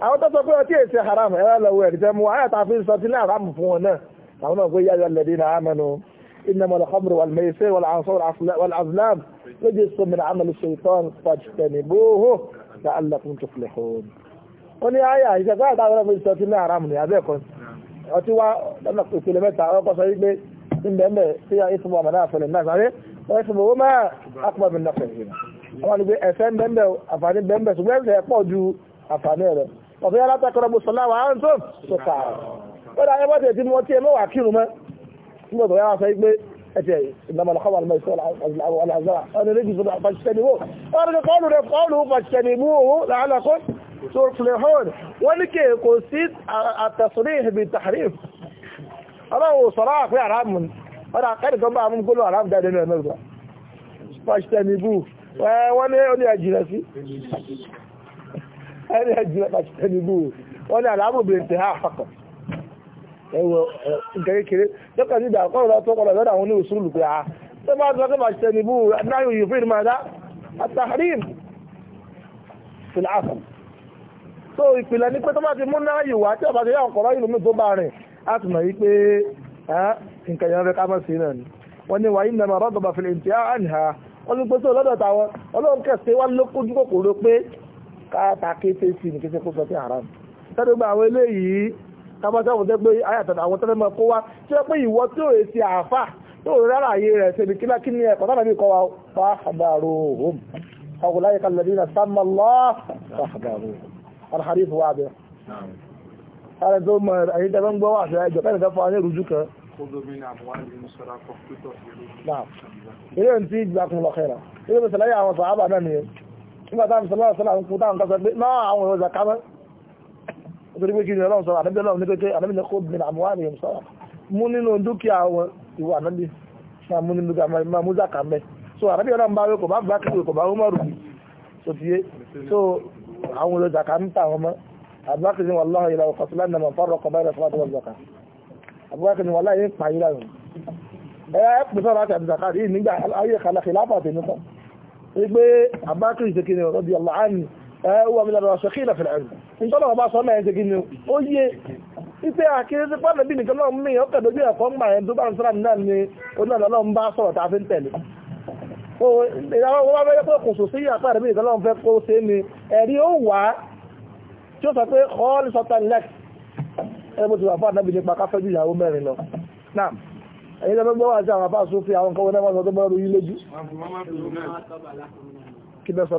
àwọn tó sọ pé ọtí èsì haram ẹ lọ́wọ́ ẹ̀rí tẹ́ mu ayé àtàfin sọ ti ní haram fún wọn náà àwọn náà pé yáyọ lẹ́dí náà amẹ́nu إنما الخمر والميسر والعنصر والأظلام رجس من عمل الشيطان فاجتنبوه لعلكم تفلحون. wọ́n ní ayé àyíká káàkiri àwọn ọmọ ìṣẹ́ tí ní àrámù ní abẹ́ẹ̀kọ́ ọtí wá lọ́nà ìpele mẹ́ta ọkọ̀ sọ wípé ìbẹ̀ẹ̀mẹ̀ sí ya ìsìnmọ̀ ọmọdé àfẹ́lẹ̀ náà sáré wọ́n ìsìnmọ̀ owó máa akọ̀bọ̀ mi náà fẹ̀yìn àwọn ni pé ẹ̀fẹ́ bẹ́ẹ̀mẹ̀ àǹfààní bẹ́ẹ̀mẹ̀ ṣùgbọ́n ẹ̀fẹ́ pọ̀ ju àǹfààní rẹ̀ ọ̀fẹ́ alátakọ̀rọ̀ mo sọ láwọn àrùn tó tó fà á ó dá ẹgbẹ́ tẹ̀ tí mo tiẹ̀ mọ́ wà kírun mọ́ nígbà tó yára sọ pé ẹ̀tẹ̀ ìlànà ọ̀kọ́ wà lọ́mọ tuflihun wọ́n ní kí kò sí at-tasrih bit-tahrif ọlọ́wọ́ sọ́rọ̀ àpé àrámù ọ̀dà kẹ́rìkan bá mú gólò àrámù jáde nínú ẹ̀mẹ́gbà pàṣítẹ́nibú wọ́n ní ó ní ẹ̀jìnà sí ẹni ẹ̀jìnà pàṣítẹ́nibú wọ́n ní àrámù bèèrè tẹ̀ àfàkọ̀ ẹwọ nkẹ́kẹ́kẹ́rẹ́ lọ́kà sí ìdà kọ́rọ̀ tọ́kọ̀rọ̀ lọ́dà àwọn oníwòsúrù pé a tó bá tọ́kọ̀ pàṣítẹ́nibú náà yóò yóò fún ìrìnmọ̀ so ìpìlẹ̀ ní pé tó bá ti mú náà yìí wá tí ọba ti yá ọ̀kọ̀rọ̀ ìlú mi tó bá rìn á ti mọ̀ yí pé nǹkan yẹn rẹ ká mọ̀ sí náà ni wọ́n ní wàyí nàmà rọ́gbọ̀bà fìlẹ̀ ìtì àánìhà wọ́n ní pèsè lọ́dọ̀ táwọn ọlọ́run kẹsẹ̀ wá lókójú kòkòrò pé káàtà kété sí ní kété kó sọ sí haram tẹ́lẹ̀ gba àwọn eléyìí tábàtà àwọn tẹ́gbẹ́ ayàtọ̀ àwọn tẹ́lẹ̀ máa kó wá tí wọ́n pé ìwọ alhadith wà bẹ̀ ara tó mọ̀ ẹ̀yìn tẹ́fẹ́ ń gbọ́ wà sí ẹjọ́ pẹ́lú tẹ́fọ́ alẹ́ rújú kan ilé ń tí ìgbàkùn lọ́kẹ́ra ilé mẹ́sàlẹ́ àwọn sàábà náà ni nígbà táwọn sàlọ́ sàlọ́ ń kú táwọn kásọ̀ pé náà àwọn èrò zakamẹ́ nítorí pé kí ni ọlọ́run sọ̀rọ̀ àdẹ́bí ọlọ́run ní kékeré àdẹ́bí ní kó bìnrin àwọn máa mú nínú dúkìá máa mú zakamẹ́ so àdẹ́bí ọlọ́run bá wí kò bá bá kí kò bá wọ́n mọ̀rù so so àwọn olóòzàká ń tà wọn mọ́ àbúrákì ni wàláhà ìlà ọ̀kọ̀tún lánà mọ̀ fọ́rọ̀ ọkọ̀ báyìí lọ́sọ́wọ́ àdúrà zaka àbúrákì ni wàláhà yìí pààyè lánà ẹ̀yà ẹ̀ pèsè ọ̀rọ̀ àti àbúzàká yìí nígbà ayé kàlà kìláfà wà mí lọ́rọ̀ ṣèkí ìlà wọ́n bá fẹ́ pé kò sò sí àpá rẹ̀ bí nǹkan lọ́wọ́ fẹ́ kó ṣe ni ẹ̀rí ó wà tí ó sọ pé all sultan lex ẹgbẹ́ tí wà fún àdábì nípa káfẹ́ ju ìyàwó mẹ́rin lọ náà ẹ̀yìn tó gbọ́ wà sí àwọn àbá sófin àwọn kan wọ́n sọ tó bọ́ lórí lójú kí bẹ́ sọ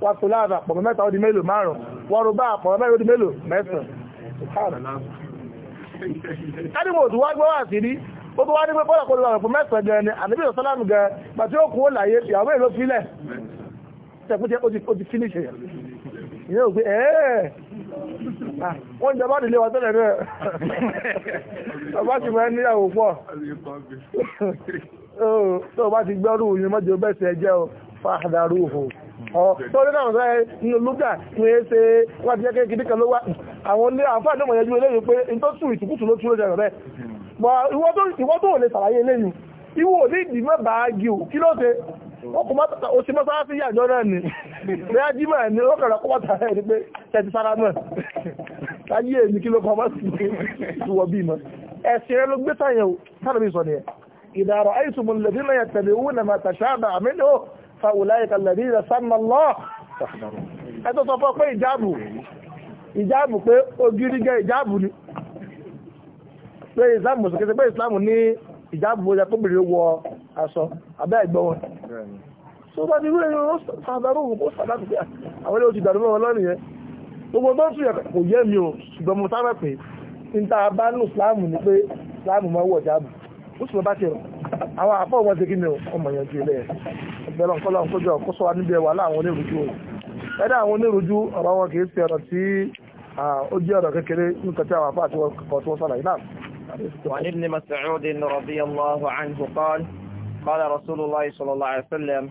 wà sùláàdà pọ̀mọ́ mẹ́ta ó di mélòó márùn wọ́n rú bá pọ̀mọ́ mẹ́ta ó di mélòó mẹ́sàn ẹnìmọ̀ tó wá gbọ́ wà sí rí ó tó wá ní pé bọ́lá kó lọ rẹ̀pọ̀ mẹ́sàn gan ni àníbí ìsọ́lámù gan gbà tí ó kú ó láyé ìyàwó èlò sílẹ̀ tẹ̀kútẹ́ ó ti finish ẹ̀ ìyẹn ò pé ẹ̀ẹ́ ah, wọ́n jẹ bá dìlé wa tẹ́lẹ̀ rẹ̀ ọba ti mọ̀ níyàwó [laughs] torí náà sọ inú lúgà ní ẹsẹ wájú jẹ́ kékeré kan ló wá àwọn ilé àǹfààní ọmọ yẹjú eléyìí pé n tó tún ìtùkùtù ló tún ló jẹ rẹ̀ ìwọ́ tó lè sàlàyé eléyìí ìwọ ní ìdí mẹ́bà ági ò kí ló ṣe ó sì mọ́sá sí ìyàjọ́ náà ni bẹ́ẹ̀ jímọ̀ ní ó kẹ̀rọ kọ́ wọ́ta ẹ̀ ní pé tẹ̀tí sára náà láyé èmi kí ló kọ́ mọ́ sí ìwọ bí mọ́ ẹ̀sìn rẹ ló gbé sáyẹ̀wò sára bí sọ nìyẹn ìdàrọ̀ àìsùn mọ̀lẹ́bí náà yẹ tẹ̀lé owó nàmà tàṣà àbà àmì فأولئك الذين سمى الله فاحذروا ẹ̀tọ́ sọ fọ́ pé ìjáàbù ìjáàbù pé ògiri jẹ́ ìjáàbù ni pé islam mọ̀ sókè pé islam ní ìjáàbù ó yẹ tó bèrè wọ aṣọ abẹ́ ẹ̀gbọ́n wọn tó bá ti rúrẹ́ yóò sàdárò òun kó sàdárò pé àwọn ilé oṣù ìdàrú mọ́ wọn lọ́nà yẹn gbogbo tó ń sùn yẹn kò yé mi o ṣùgbọ́n mo sáré pé n ta bá nù islam ni pé islam máa wọ̀ ìjáàbù ó sì lọ bá ti rọ̀ àwọn àfọ̀ wọn ṣe kí ni ọmọ yẹn ju ilé bẹ́ẹ̀ lọ́nkọ́ lọ́n kójọ kó sọ wa níbi ẹ̀wà láwọn onírújú o ẹ̀dá àwọn onírújú ọ̀rọ̀ wọn kì í ṣe ọ̀rọ̀ tí ó jẹ́ ọ̀rọ̀ kékeré nǹkan tí àwọn afáà tí wọ́n sọ̀rọ̀ yìí náà. وعن ابن مسعود رضي الله عنه قال قال رسول الله صلى الله عليه وسلم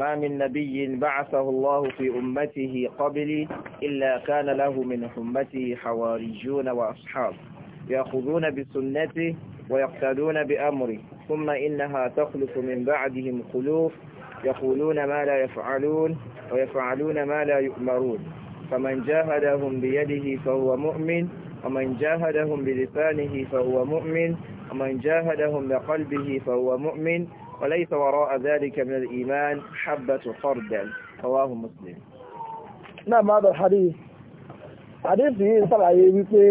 ما من نبي بعثه الله في أمته قبلي إلا كان له من أمته حواريون وأصحاب يأخذون بسنته ويقتدون بأمره ثم إنها تخلف من بعدهم خلوف يقولون ما لا يفعلون ويفعلون ما لا يؤمرون فمن جاهدهم بيده فهو مؤمن ومن جاهدهم بلسانه فهو مؤمن ومن جاهدهم بقلبه فهو مؤمن وليس وراء ذلك من الإيمان حبة خردل رواه مسلم نعم هذا الحديث حديث ṣàlàyé wípé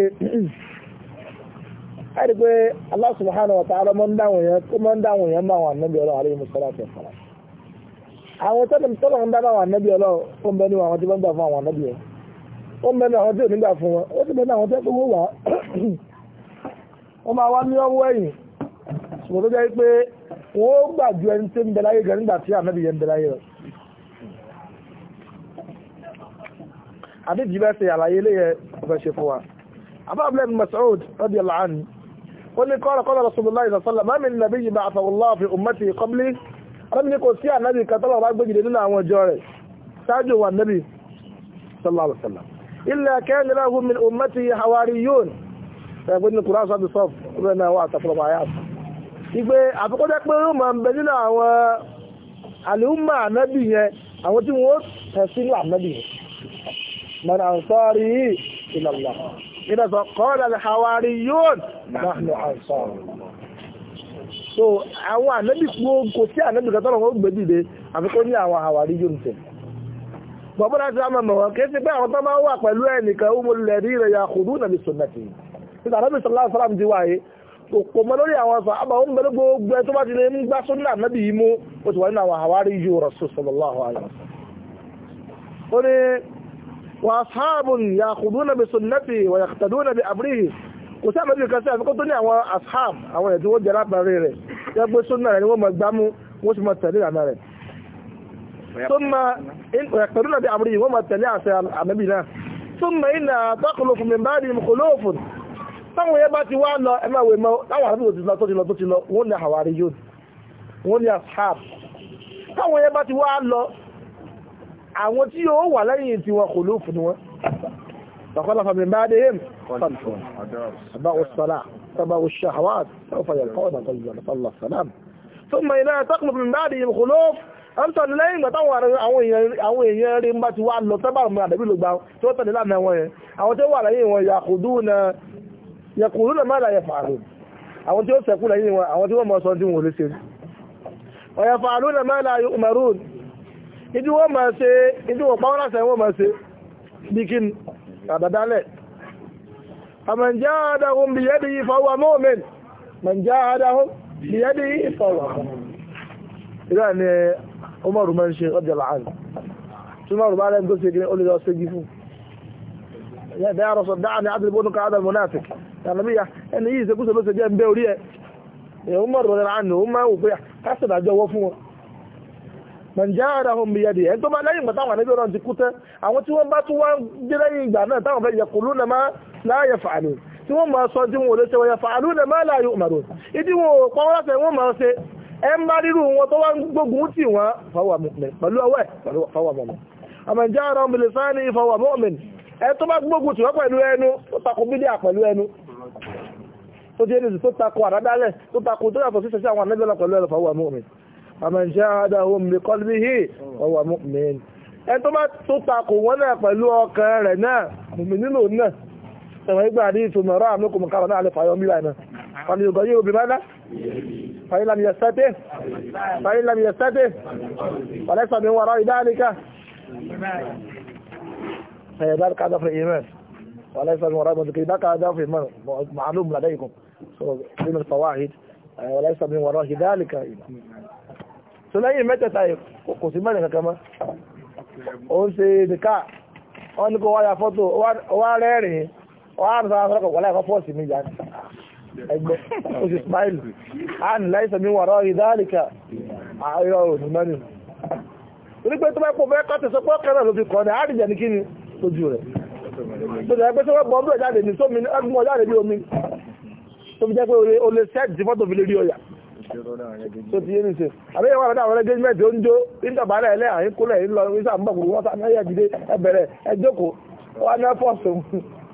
ẹni من Allah من wa ta'ala mọ́ من دعوه yẹn kó mọ́ ń dáwọn àwọn tọ́lọ̀ tọ́lọ̀ ń dábàá àwọn ànábì ọlọ́run ó ń bẹ nínú àwọn tí wọ́n gbà fún àwọn ànábì ẹ̀ ó ń bẹ nínú àwọn tí ò ní gbà fún wọn ó sì bẹ nínú àwọn tẹ́ gbogbo wà wọ́n máa wá ní ọwọ́ ẹ̀yìn ṣùgbọ́n tó jẹ́ pé wọ́n ó gbà ju ẹni tí ń bẹ láyé gan nígbà tí ànábì yẹn ń bẹ láyé rẹ̀ àdéjì bẹ́ẹ̀ ṣe àlàyé lè yẹ ọ̀fẹ́ ṣe fún wa abáàbílẹ̀ Mas'ud radiyallahu anhu ó ní qala qala Rasulullahi sallallahu alaihi wasallam ma min nabiyyin ba'athahu Allahu fi ummati qabli arábì ní kò sí ànábì kan tọ́lọ̀ bá gbéjìdé nínú àwọn ọjọ́ rẹ̀ ṣáájú wà nábì sallallahu alaihi wasallam illa kana lahu min ummatihi hawariyun ẹgbẹ́ ní kùrá sọ́dún sọ́f ọ̀rẹ́ náà wà àtàkùrọ̀ àyà ìgbé àfikọ́jẹ́ pé ó máa من أنصاري إلى الله إذا فقال الحواريون نحن أنصار so àwọn ànábì kò sí ànábì kan tọ́lọ̀ wọ́n gbé dìde àfikún ní àwọn àwárí yóò tẹ̀ bọ̀bọ́n láti àmà mọ̀ wọn kìí sí pé àwọn tó máa wà pẹ̀lú ẹnìkan ó mo lẹ̀ rí rẹ̀ ya kùdú náà ní sunnati ní ànábì sọ̀lá sọ́lá ti wáyé kò mọ lórí àwọn sọ àbà òun pẹ̀lú gbogbo kò sí àmọ́bí kan sí àfikún tó ní àwọn ashab àwọn èèyàn tí wọ́n jẹ́ lápẹ̀rẹ̀ rẹ̀ yẹ pé sunna rẹ̀ ni wọ́n mọ̀ gbámú wọ́n sì mọ̀ tẹ̀lé àmà rẹ̀ tó ma pẹ̀lú nàbí àmúrí wọ́n mọ̀ tẹ̀lé àṣẹ àmọ́bí náà tó ma iná tọ́kùnlù mi bá di mùkòlóòfùn táwọn yẹn bá ti wá lọ ẹ máa wè mọ táwọn àbúrò ti lọ tó ti lọ tó ti lọ wọ́n ní àwárí yóò wọ́n ní ashab táwọn yẹn bá ti wá lọ àwọn tí yóò wà lẹ́yìn صرف أباء الصلاة تباء الشهوات سوف يلقون طيبا نسأل الله السلام ثم إذا تقلب من بعدهم خلوف أنت لين تطور àwọn èèyàn rí ń bá ti wá lọ tẹ́bà mọ́ àdàbí ló gbá tí ó tẹ̀lé lánàá wọn yẹn àwọn tí ó wà lẹ́yìn wọn yàkùdúnà mẹ́lá yẹ fàárùn àwọn tí ó sẹ̀kù lẹ́yìn wọn àwọn tí wọ́n mọ́ sọ tí wọ́n lè ṣe ọ̀yẹ fàárùn mẹ́lá yóò mẹ́rùn ìdí wọ́n mọ̀ ṣe ìdí wọ́n pàwọn láṣẹ wọ́n mọ̀ ṣe bí kí ni àdàdálẹ̀ فمن جاهدهم بيده فهو مؤمن من جاهدهم بيده فهو مؤمن إذا عمر من شيء رضي الله عنه عمر بعد أن قلت لك أقول له أستجيبه يا رسول دعني عدل بونك هذا المنافق يا نبي أن إيه سيكون بس جاء مبيه يا عمر رضي الله عنه هم وفيح حسن عجوا فوق man jaarahum bi yadi لا tó bá lẹ́yìn gba táwọn ànábì Ọlọ́run ti kú tán àwọn tí wọ́n bá láàyè fàánù tí wọ́n máa sọ dín wọn ò lè ṣe wọ́n yẹ fàánù lè má láàyè òmàrò ìdí wọn ò pọ́n láti wọ́n máa ṣe ẹ ń bá rírù wọn tó wá ń gbógun tì wọ́n fáwà mọ́mìn pẹ̀lú ọwọ́ ẹ̀ fáwà mọ́mìn àmọ́ ìjà ara ọmọ ilé sáà ní ìfọwà mọ́mìn ẹ tó bá gbógun tì wọ́n pẹ̀lú ẹnu ó takò bídíà pẹ̀lú ẹnu tó dé ní tó ẹ tó bá tó takò wọn náà pẹ̀lú ọkàn rẹ̀ náà mọ̀mìn nínú náà ẹ̀wọ̀n igba àdí ìtumọ̀ ọ̀rọ̀ àmúkù mọ̀kàrọ̀ náà lè fàyọ mí lánà fàlì ọgọ́ yóò bí mẹ́lá fàílàmì ẹ̀sẹ́tẹ́ fàílàmì ẹ̀sẹ́tẹ́ fàlẹ́sàmì wọ́rọ̀ ìdáríkà فذلك هدف الإيمان وليس المراد من ذكر ذاك هدف الإيمان wọ́n ní kó wáyà fọ́tò wá rẹ́rìn wọ́n á sọ àwọn ọkọ̀ láìkọ́ fọ́ọ̀sì mi yà ẹgbẹ́ oṣù smile and láìsọ mi wọ̀rọ̀ ìdáríkà ayọ́ ah, òní mẹ́nu torí pé tó bá kó fẹ́ kọ́tẹ̀ sọ pé ọkẹ́ náà ló fi kọ́ ni àríjẹ̀ ní kíni lójú rẹ̀ tó jẹ́ pé o lè sẹ́ẹ̀tì fọ́tò fi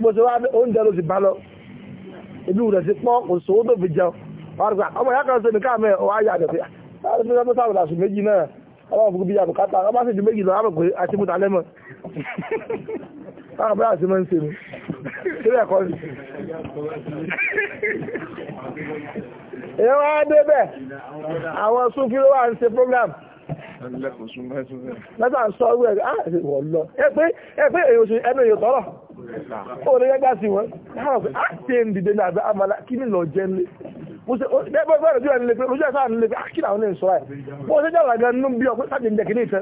mo ṣe wá oúnjẹ ló ti bá lọ ibi ìrẹ̀ ti pọ́n kò sówó tó fi jẹun wọ́n rí pa ọmọ ìyá kan ṣe ní káàmẹ́ ọ̀ wáyà rẹ̀ pé láti fẹ́ sáwọn àṣù méjì náà ọmọ òfin bíi àbùkátà ọmọ sì ju méjì lọ àmọ̀ pé àti múta lẹ́mọ̀ báwọn bá àti máa ń ṣe mi sílẹ̀ kọ́ lẹ́tà ń sọ ọgbẹ́ ẹ̀ ah wọ́n lọ ẹ pé ẹ pé èyí oṣù ẹnu èyí tọ́rọ̀ ó lè yẹ́gá sí wọn láàrọ̀ pé ah ṣe ń dìde ní àbẹ́ amala kí ni lọ jẹ́ nílé mo ṣe bẹ́ẹ̀ bẹ́ẹ̀ bí wọ́n nílé pé mo ṣe sáà nílé pé ah kí làwọn lè sọ ẹ̀ mo ṣe jáwọ́ àgbẹ̀ nínú bí ọkùnrin sáà jẹ́ kìíní ìfẹ́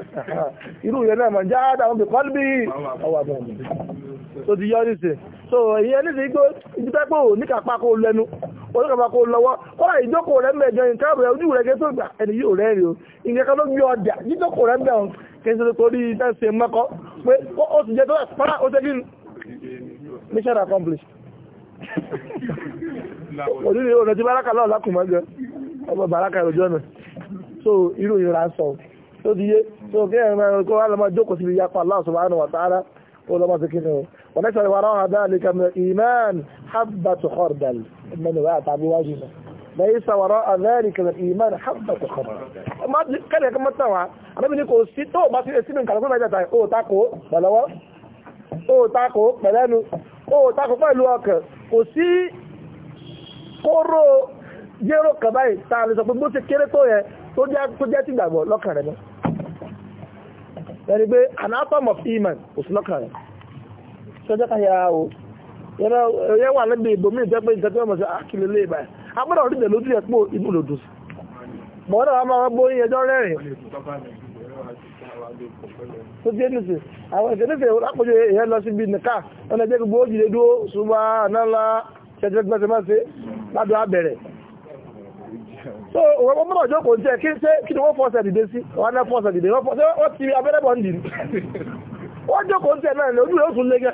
irú yẹn náà mà jáde àwọn bìkọ́lù bíi ọwọ́ àbọ̀ mi so ìyẹn ní ti gbó ìdípẹ́ pé ò ní kápá kó lẹ́nu oníkàpá kó lọ́wọ́ kọ́lá ìjókòó rẹ̀ mẹ́jọ nǹkan rẹ̀ ojú rẹ̀ kẹsàn gbà ẹni yóò rẹ̀ rí o ìgbẹ́kan ló gbé ọjà jíjókòó rẹ̀ mẹ́rùn kẹsàn torí ìtẹ́sẹ̀ mẹ́kọ́ pé tó ẹ̀pá ó tẹ́lẹ̀ mission accomplished [laughs] òní ti báraka tó ti yé so kí ẹ̀rọ وليس وراء ذلك من الإيمان حبة خردل من وقت عبو واجبة ليس وراء ذلك من الإيمان حبة خردل ما كان يكما تنوى أنا بني كو سيتو ما سيمن كالكو نجا تاي أو تاكو بلوا أو تاكو بلانو أو تاكو بلوا kò sí kóró yẹ́rọ kàbáyì tàà lè sọ pé bó ti kéré tó yẹ tó jẹ́ an atom of iman kò sí lọ́kàn sọjọ́ ká yára o yẹn wà níbi ìbomi ìjọba ìjọba tí wọ́n mọ̀ sí àkìlẹ̀ ah, lè báyìí agbọ́dọ̀ orí ìdè lójú ẹ̀pọ̀ inú lòdù bọ́ọ̀dọ̀ wa máa gbó yín ẹjọ́ rẹ́rìn tó dé nìsí àwọn ìṣẹ́lẹ̀sẹ̀ lápòjọ èèyàn lọ síbi nìka wọn ẹgbẹ́ gbogbo ó jìlẹ̀ dúró ṣùgbọ́n àná ńlá ṣẹ̀ṣẹ̀ gbọ́sẹ̀ máa ṣe ládùn abẹ̀rẹ̀ so òun ọmọ ọjọ́ kò jẹ́ kí ṣe kí ni wọ́n fọ́ọ̀sẹ̀ dìde sí wọ́n náà fọ́ọ̀sẹ̀ dìde wọ́n ti abẹ́rẹ́ bọ̀ ń dì wọ́n jókòó ń tẹ̀ náà lójú rẹ̀ ó tún lé gẹ́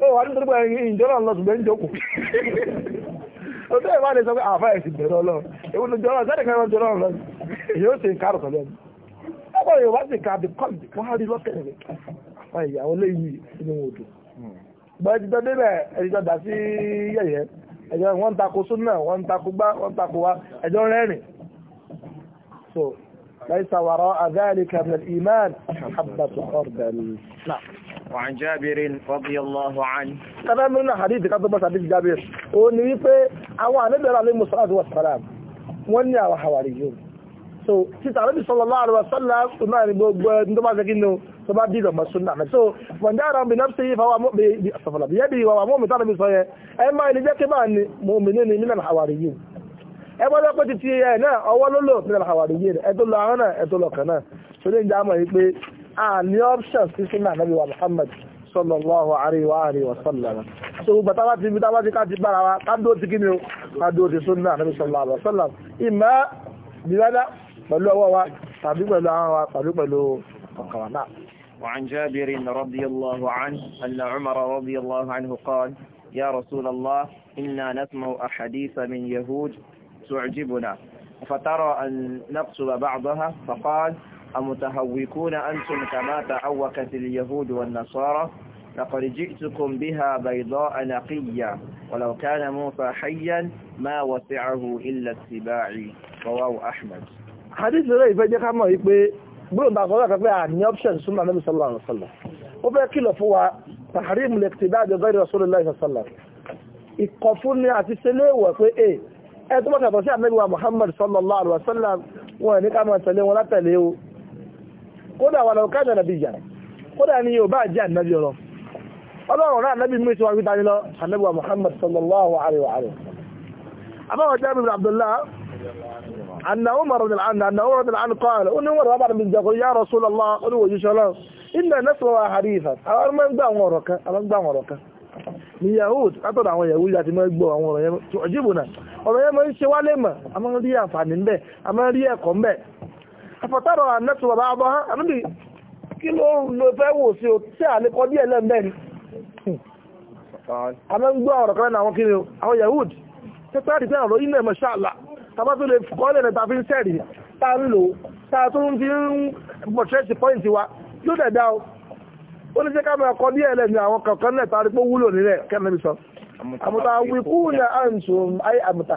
ó wà nítorí pé ìjọba ń lọ ṣùgbọ́n ń jókòó ọjọ́ ìwà lè sọ pé àfáà ẹ̀sìn bẹ̀rẹ̀ ọlọ́run èwo ni jọrọ sẹ́ni kan wọn jọrọ lọ èyí ó sì ń kárò pẹ̀lú ẹni ọgbọ́n yóò wá sí ká bí kọ́ọ̀dì wọ́n á rí lọ́kẹ̀ rẹ̀ àfáà ìyàwó léyìí inú odò bọ́ẹ̀ ti tọ́ débẹ̀ ẹni tọ́ dà sí yẹ̀yẹ́ ẹjọ́ wọ́n ń takò súnà wọ́n ń takò gbá wọ́n ń takò wá ẹjọ́ rẹ́rìn so ليس وراء ذلك من الإيمان حبة خردل نعم وعن جابر رضي الله عنه تمام من حديث كتب بس حديث جابر وني في او النبي عليه الصلاه والسلام وني او حواريون so ti tare bi sallallahu so ba di do ma sunna na so wa ndara bi nafsi fa so ye e ma ni je ke ba ni mu'minin ni min al hawariyin ẹ bá lọ́pọ̀ ti ti ẹ̀ náà ọwọ́ ló lò ní àwàrí yìí ẹ̀ tó lọ àwọn náà ẹ̀ tó lọ ní options tí súnà nàbí wa Muhammad sallallahu alaihi wa alihi wa sallam so gbogbo tàbá ti bí tàbá ti ká ti bára wa kádó ti kíni o kádó ti súnà nàbí sallallahu náà وعن جابر رضي الله بعضها فقال أمتهوكون أنتم كما تعوكت اليهود والنصارى لقد جئتكم بها بيضاء نقية ولو كان موسى حيا ما وسعه إلا اتباع رواه أحمد حديث لي فجأة كما يقول بلون بقولك فيها عن يبشن سنة النبي صلى الله عليه وسلم وفي كل فوا تحريم الاقتداء بغير رسول الله صلى الله عليه وسلم ìkọ̀fún ní àti sílé wọ̀ pé e ẹ tó mọ́kàtọ̀ sí àmẹ́gbà Muhammad sallallahu alaihi wasallam wọn ní ká máa tẹ̀lé wọn látẹ̀lé o kódà wà lọ́kà náà nàbí ìjà kódà ni yóò bá jẹ́ ànábì ọ̀rọ̀ ọlọ́run náà ànábì mú ìṣòwò ìtàní lọ ànábì wa Muhammad sallallahu alaihi wa alihi abdullah anna umar bin anna anna umar bin anna qala ó ní umar wàbà bin jago ya rasulallah ó ní wòye ṣọlọ inna nasra wa harifa àwọn máa ń gbà àwọn ọ̀rọ̀ kan àwọn gbà àwọn ọ̀rọ̀ kan ni yahud látọ̀dọ̀ àwọn yahud àti mọ́ gbọ́ àwọn ọ̀rọ̀ yẹn tó ọjíbùnà ọ̀rọ̀ yẹn mọ́ ń ṣe wálé mọ̀ a máa rí àǹfààní ń bẹ a máa rí ẹ̀kọ́ ń bẹ ẹ̀fọ̀tàrọ̀ ànẹ́tù bàbá abọ́ àmì kí ló lo fẹ́ wò sí o tí a lè kọ́ díẹ̀ lẹ́m̀bẹ́ ni àmọ́ ń gbọ́ ọ̀rọ̀ kan náà àwọn kí ni o àwọn Yahud tí pẹ́ẹ́rì pé ọ̀rọ̀ ilẹ̀ mọ̀ṣáàlà tàbá tó lè kọ́ lẹ̀ tàbí ń sẹ́rì tá ń lò tá tó ń fi ń bọ̀tẹ́sì pọ́ìntì wa yóò dẹ̀ dá o ó ní jẹ́ ká máa kọ́ díẹ̀ lẹ́nu àwọn kankan náà tàbí ní àǹtùm ayé àmùtà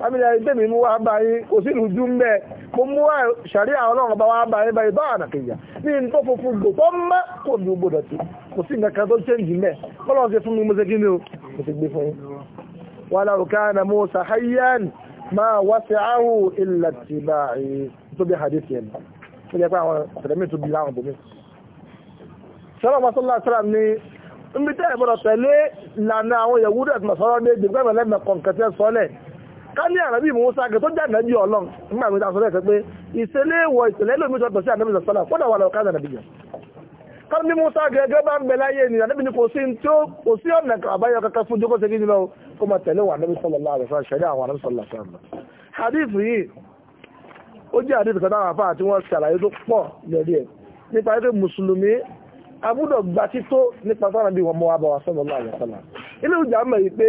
family ayé tèmi mú wá báyìí kò sí ìlú jú ń bẹ́ẹ̀ mo mú wá ṣàrí àwọn ọlọ́run bá wá báyìí báyìí bá ànà kìyà ní n tó funfun gbò tó mọ́ kò ní gbọdọ̀ tí kò sí nǹkan kan tó ṣe ń jì mẹ́ bọ́lọ̀ ṣe fún mi mo ṣe kí ni o mo ti gbé fún yín wà láwù káàna mo sàháyán máa wá sí áhù ilẹ̀ tì báyìí tó bí hadith yẹn tó jẹ́ pé àwọn ọ̀sẹ̀dẹ̀mí tó bí láwọn bòmí sọ́rọ̀ masọ́lá ń bí tẹ́ ìbọ̀dọ̀ tẹ̀lé lànà àwọn yẹ̀wúdẹ̀ àti masọ́rọ̀ ní ìdìgbẹ́mẹ̀lẹ́mẹ̀ kọ̀ǹkẹ́tẹ́ sọ́lẹ̀ ká ní àrẹ́bí Musa gẹ̀ tó jẹ́ ànábì Ọlọ́run nígbà mi ta sọ lẹ́sẹ̀ pé ìṣẹ̀lẹ̀ ìwọ̀ ìṣẹ̀lẹ̀ lómi tó tọ̀ sí ànábì sọ̀sọ́lá kódà wà lọ́kà ànábì yẹn ká ní Musa gẹ̀gẹ́ bá ń bẹ láyé ni ànábì ni kò sí tó kò sí ọ̀nà àbáyọ kankan fún jókòó segin lọ kó máa tẹ̀lé wà ànábì sallallahu alaihi wasallam ṣẹ̀dá àwọn ànábì sallallahu alaihi wasallam hadith yìí ó jẹ́ hadith kan táwọn afáà tí wọ́n ṣàlàyé tó pọ̀ lórí ẹ̀ nípa pé mùsùlùmí agbúdọ̀ gbà tító nípa sọ́nà bí wọn mọ́ wa bá wa sallallahu alaihi wasallam ilé ìjà mọ̀ yìí pé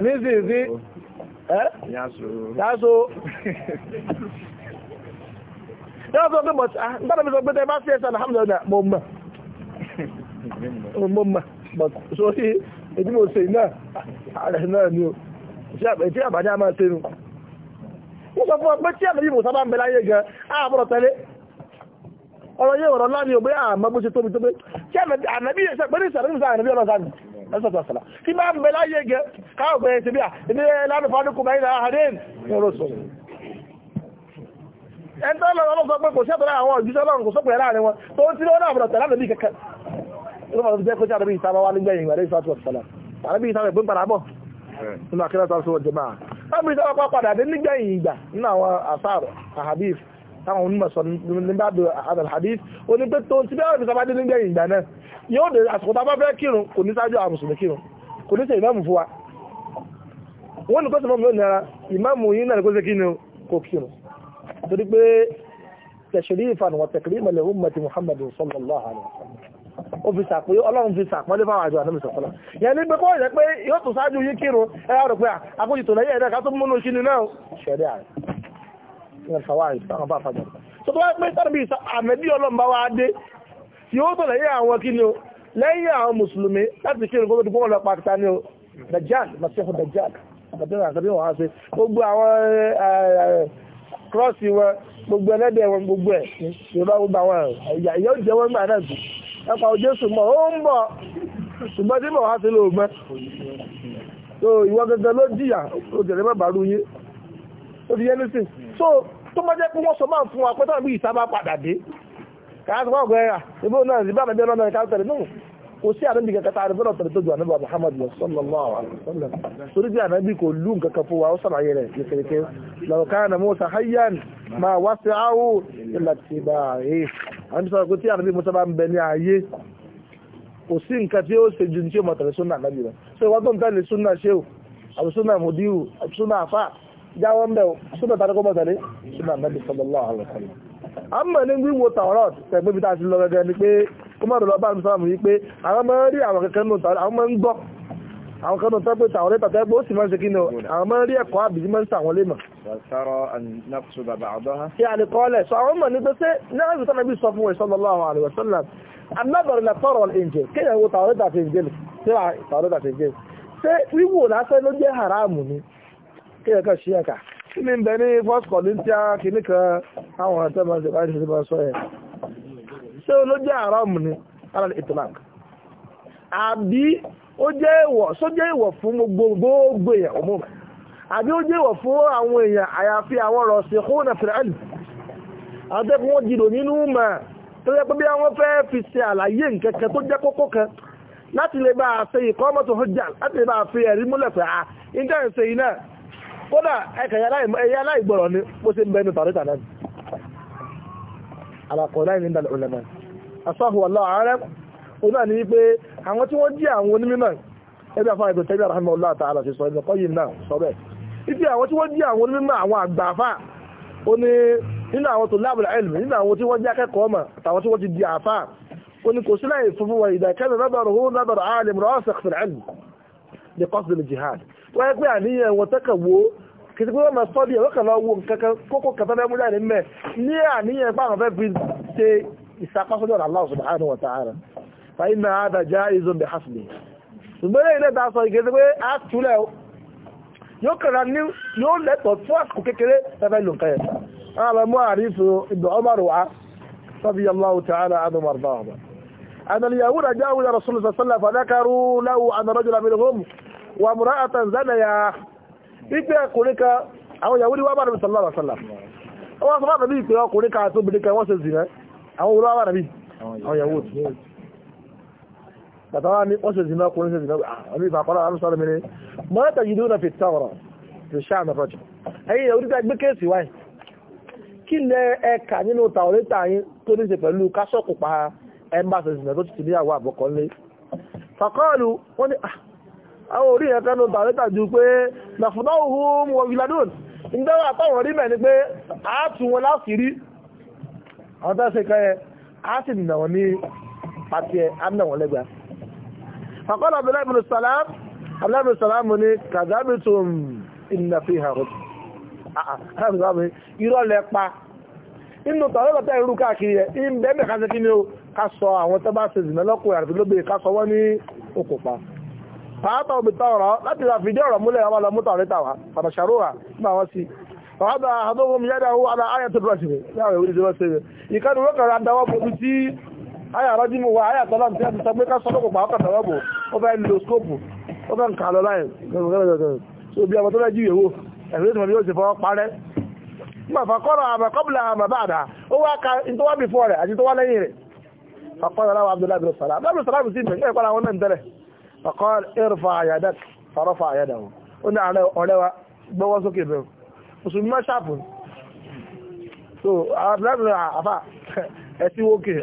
nísinsí ẹ́ Ya so. Ya so. Ya fi ndị pé tẹ́ bá sí ẹ̀sẹ̀ alhamdulillah mo mọ̀ mo mọ̀ bọ̀tí sórí èdè mo ṣe náà ààrẹ náà ni o tí àbájá máa ṣe nù wọ́n sọ fún ọ pé tí àbájá ìbò sábà ń ọrụ láyé gan ààbọ̀rọ̀ tẹ́lẹ̀ ọ̀rọ̀ yẹ́ tobi tobi. òbí àmọ́ bó ṣe tóbi isa tí àbájá ìbò sábà ń bẹ lọ́sọ̀tọ̀sọ̀lá tí máa ń bẹ láyé gẹ káàkùn ẹ̀ síbíà ilé eh, lánàfàánù kùnmọ̀ ilẹ̀ àárín ní rọ́sọ̀ ẹn tó lọ́wọ́ lọ́sọ pé kò sí ẹ̀tọ́ àwọn òjíṣẹ́ Ọlọ́run kò sópin láàrin wọn tó ń tí ó náà bọ̀rọ̀ tẹ̀lá nàbí kẹ̀kẹ́ lọ́wọ́ jẹ́ kó sí àdàbí ìsáma wá nígbẹ̀yìn ìwà lẹ́sọ̀ àtúwọ̀sọ̀lá àdàbí ìsáma ìpín padà bọ̀ nínú akẹ́lẹ́ tó sọ jẹma lábí ìsáma pa padà dé nígbẹ̀yìn ìgbà nínú yóò dé àsìkò tá bá fẹ́ kírun kò ní sáájú àwọn mùsùlùmí kírun kò ní ṣe ìmáàmù fún wa wọ́n ní kọ́sìmọ́ mi ò nira ìmáàmù yìí náà ní kó ṣe kírun kò kírun torí pé tẹ̀sírìfà ni wọ́n tẹ̀kìrí ìmọ̀lẹ̀ ummati muhammadu sallallahu alaihi wasallam ó fi sàpé ọlọ́run fi sàpọ́lé fáwọn àjọ àdámì sọ̀kọ́lá yẹn ní ni náà ṣẹ̀dẹ̀ àrẹ ìrẹ̀fàwà ìfàwọn bá fàjọ tó tó wá pé tàbí tí ó tọ̀ lẹ́yìn àwọn kí ni o lẹ́yìn àwọn mùsùlùmí láti kí ìrìnkó tó dùgbọ́n lọ pàtàkì ni o dajjal masifu dajjal àgbàdàn àgbàdàn wọn á ṣe gbogbo àwọn kírọ́ọ̀sì wọn gbogbo ẹlẹ́dẹ̀ wọn gbogbo ẹ̀ yorùbá gbogbo àwọn ẹ̀yà yóò jẹ́ wọn gbà náà jù ẹ̀pà jésù mọ̀ ó ń bọ̀ ṣùgbọ́n tí mọ̀ wá sí lóògbẹ́ so ìwọ gẹ́gẹ́ ló jìyà ó jẹ̀rẹ mẹ́bàárù yé ó ti yẹ́ nísìn so tó bá jẹ́ pé wọ́n sọ máa fún wa pẹ́tàbí ìsábà padà dé káàkiri ọgbẹ́ ẹ̀yà ibò náà ìbá àmì ọlọ́nà ìka tẹ̀lé nù kò sí àmì ìgbà kẹta àrùbọ́nà tẹ̀lé tó ju àmì bàbá Muhammad sallallahu alaihi wasallam torí bí àmì kò lù nǹkan kan fún wa ó sàlàyé rẹ̀ kékeré lọ́wọ́ káyà nà Musa hayyan ma wá sí áwò ìlà ti bá ayé àmì sọ̀rọ̀ pé tí àmì Musa bá ń bẹ ní ayé kò sí ó ṣe ju ní tí ó mọ̀ tẹ̀lé súnà náà bìrẹ̀ ṣé wọ́n tó ń tẹ̀lé súnà ṣé o àbí súnà mùdíù àbí jáwọ́ ń o súnà tàbí kó mọ̀ tẹ̀lé súnà náà bí àmọ́ ní wíwo tàwọ́rọ̀ tẹ̀gbẹ́ bí táà ti lọ gẹ́gẹ́ ni pé kó mọ̀ lọ bá mi sọ́rọ̀ yìí pé àwọn máa ń rí àwọn kẹ́kẹ́ nù tàwọ́rọ̀ àwọn máa ń gbọ́ àwọn kan tó pé tàwọ́rẹ́ tàtẹ́ pé ó sì máa ń ṣe kí ni àwọn máa ń rí ẹ̀kọ́ àbìjí máa ń sàwọn lè mọ̀. ṣé a lè kọ́lẹ̀ sọ àwọn mọ̀ ní pé ṣé náà bí kí ni bẹ ní first corinthians kìíní kan àwọn ọ̀tẹ́ máa ṣe báyìí sọ yẹn ṣé ló jẹ́ àrọ́mù ni ara ní ìtìlák àbí ó jẹ́ ìwọ̀ só jẹ́ ìwọ̀ fún gbogbo èèyàn ọmọ àbí ó jẹ́ ìwọ̀ fún àwọn èèyàn àyàfi àwọn ọ̀rọ̀ sí kóhùn náà àtẹ́kùn wọn jìnnà nínú mà tó yẹ pé bí àwọn fẹ́ fi ṣe àlàyé nkẹ́kẹ́ tó jẹ́ kókó kan láti lè bá a ṣe ìkọ́mọ́tò hujja láti lè bá a fi ẹ̀rí múlẹ̀ pé à ah, ń kódà ẹ̀yà aláìgbọ̀rọ̀ ni bó ṣe ń bẹnu tàrítà náà alàkọ̀ọ́lá ìní ìdàlẹ̀ òlẹ̀mọ̀ asáhùwàlá ààrẹ oná ní wípé àwọn tí wọ́n jí àwọn onímọ̀ ẹbí afá ìbò tẹ́bí àràhàn ọlá àtàrà ti sọ ìbẹ̀kọ́ yìí náà sọ bẹ́ẹ̀ ibi àwọn tí wọ́n jí àwọn onímọ̀ àwọn àgbàfà ó ní nínú àwọn tó lábùlà ẹlùmí nínú àwọn tí wọ́n jí akẹ́kọ̀ọ́ mọ̀ pé àníyàn wọn tẹ́kẹ̀ kìí pé wọ́n máa sọ́dí ẹ̀ wọ́n kàn lọ wo nǹkan kókó kẹta fẹ́ mú jáde mẹ́ ní àníyàn pé àwọn fẹ́ fi ṣe ìsapásọ́dọ̀ Allah subhanahu wa ta'ala fa inna hadha jaizun bi hasbi ṣùgbọ́n ilé ìta sọ ìgbésí pé a túlẹ̀ yóò kẹ̀ra ní yóò lẹ́tọ̀ fún àsìkò kékeré tẹ́fẹ́ ìlú nǹkan yẹn أن اليهود جاءوا إلى رسول الله صلى الله عليه وسلم فذكروا له أن رجل منهم ومرأة زنيا wípé ọkùnrin kan àwọn ìyàwó ní wá bá nàbí sallallahu alaihi wasallam wọ́n sọ bá nàbí ìpè ọkùnrin kan àti obìnrin kan wọ́n ṣe zìnà àwọn olówó bá nàbí àwọn ìyàwó tí ẹ̀yìn ìyàwó gbé kéèsì wáyé kí lẹ ẹ̀ka nínú tàwọ̀rẹ́ta yín tó ní ṣe pẹ̀lú kásọ̀kù pa ẹ̀mbà ṣe tó ti ti níyàwó àbọ̀kọ́ lé fàkọ́ọ̀lù wọ́n ní ah àwọn orí ẹ̀ka ní tààrẹ́tà ju pé nàfúnà ohun wọ viladun ìdáwà táwọn rí mẹ́ ni pé a tún wọn láti rí àwọn tó ṣe a sì nà wọn ní pàtí ẹ a nà wọn lẹ́gbà fàkọ́lá abdullahi bin salam abdullahi bin salam ni kàdábìtùm ìnàfi hàrùn ìrọ̀lẹ́ pa inú tọ̀rọ̀ lọ́tẹ́ irú káàkiri ẹ̀ ń bẹ́ẹ̀ ni ó ká sọ àwọn tó bá ṣe zìnà lọ́kùnrin àti lóbìnrin ká sọ wọ́n ní okùnpa fàátọ̀ òbí tọ́rọ láti ràfìdí ọ̀rọ̀ múlẹ̀ ọmọ lọ mútọ̀ rí tàwà fàtàṣàrúwà nígbà wọ́n sí ọ̀hádà àdógún yádà owó àdá ayà tó rọ̀ wa ayà tọ́lọ́ tí a ti sọ pé ká sọ́lọ́pù pa ọkọ̀ tọ́wọ́ bò so bí ọmọ tó fẹ́ jíwèé wò ẹ̀fẹ́ tó yóò sì fọ́ parẹ́ nígbà ka ní tó wá bìfọ́ rẹ̀ bin Salam فقال ارفع يدك فرفع يده قلنا عليه أولوى gbọ́wọ́ sókè bẹ̀rù musulmi má ṣàpùn so àbúrẹ́bìnrin àfà ẹ̀sí wókè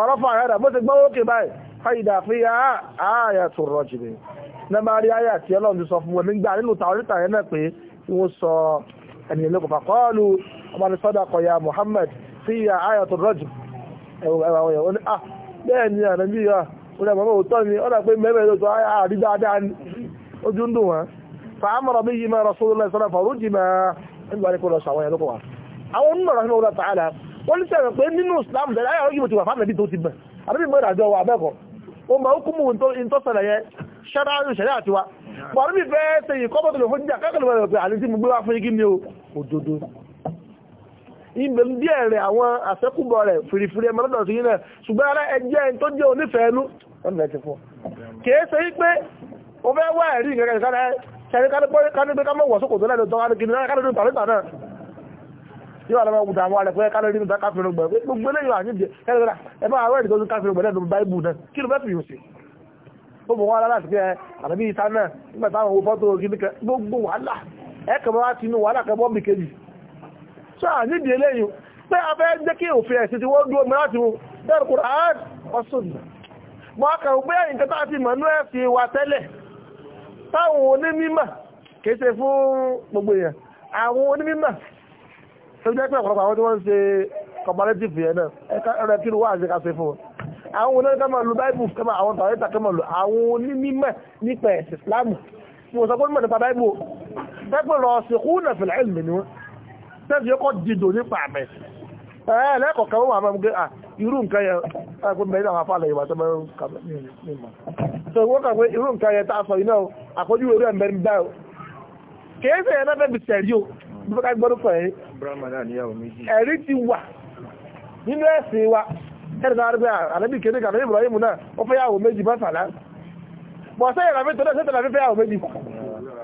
ọ̀rọ̀fà àyàdà bó ti gbọ́ wókè báyìí fàyídà fi ààyà tó rọ̀jì rẹ̀ na máa rí àyà tí ọlọ́run ti sọ fún wọn nígbà nínú tàwọ́rítà yẹn náà pé kí wọ́n sọ ẹnìyàn lókò fàkọ́ọ̀lù ọmọ ní sọ́dà kọ̀yà Muhammad fi ààyà tó rọ̀jì ẹ̀wọ̀n ẹ̀wọ̀n ẹ̀wọ̀n wọ́n mọ̀ òótọ́ ni ọ́dà pé mẹ́mẹ́ ló sọ ah, àrí dáadáa ní ojú ń dùn wọn fàámọ̀rọ̀ bí yìí máa rọ sóló lẹ́sọ́ náà fàrú jì máa ń gbà ní kó lọ sọ àwọn ẹ̀lú kọ̀ wá Islam bẹ̀rẹ̀ ayọ̀ yìí ti wà fáwọn ẹbí tó ti bẹ̀ àbí mọ́ ìdájọ́ wa abẹ́kọ̀ ó máa ń kúmù ìtọ́sẹ̀lẹ̀ yẹn ṣẹ́rá ìṣẹ̀lẹ̀ àti wa wọ́n mi fẹ́ ṣe ìkọ́bọ̀ tó lè fún jíjà kẹ́kọ̀ọ́ lọ́wọ́ pé àti tí mo gbé wá fún yín ni o òdodo ìgbè díẹ̀ rẹ̀ àwọn àṣẹ́kùbọ̀ rẹ̀ fìrìfìrì ẹmọ lọ́dọ̀ sí yín náà ṣùgbọ́n 194 kìí ṣe wípé o fẹ́ wá ẹ̀rí ìrẹ́rẹ́ ìsára ṣẹ̀rí kánúgbé ká mọ̀wọ̀ sókò tó lẹ́nu tó wá lókè náà kánúgbé tàbí tàbí náà yóò lọ́wọ́ wùdà àwọn àrẹ̀fẹ́ kánúgbé nípa káfíìrì gbọ̀n pé gbogbo eléyìí wà níbi ẹ̀rọ ẹ máa wẹ́ẹ̀dì tó tún káfíìrì gbọ̀n lẹ́nu báìbù náà kí ló fẹ́ fi yòó sí ó mọ̀ wá láti pé àbí ìta náà nígbà táwọn owó fọ́tò kìnnìkan gbogbo wàhálà ẹ kẹ̀mọ́ wá tinú wàhálà kẹ̀mọ́ mi kejì sọ àníbi eléyìí pé a fẹ́ jẹ́ kí òfin ẹ̀sìn tí wọ́n dúró mìíràn ti mú bẹ́ẹ̀ kúrò ààrẹ ọ̀sùn náà mọ́ kàn pé nǹkan tá ti mọ̀nú ẹ̀sìn wa tẹ́lẹ̀ táwọn onímímọ̀ kéṣe fún gbogbo èèyàn àwọn onímímọ̀ tó jẹ́ pé ọ̀pọ̀lọpọ̀ àwọn tí wọ́n ń ṣe comparative yẹn náà ẹ̀rẹ́ kí ló wà àṣẹ káṣe fún wọn àwọn onímọ̀ kẹ́mọ̀ lu báìbù kẹ́mọ̀ àwọn tàwẹ́tà kẹ́mọ̀ lu àwọn onímọ̀ nípa ẹ̀sìn Islam mo sọ pé mọ̀ nípa báìbù tẹ́pẹ̀ lọ sí kúnà fìlà ẹ̀lì ni wọ́n tẹ́sí yóò kọ́ dìdò ẹ̀ẹ́lẹ́kọ̀ọ́kẹ́ eh, wọ́n máa gbé irú nǹkan yẹ agbẹ́mẹ́rin àwọn afáàlẹ̀ ìwà tọ́mọ́ mímọ̀ so wọ́n kàwé irú nǹkan yẹ tàà sọ iná àkójú orí ẹ̀mẹ́rin bá o kéèsè ẹ̀ náà bẹ́bí sẹ̀rí o bí ti wa méjì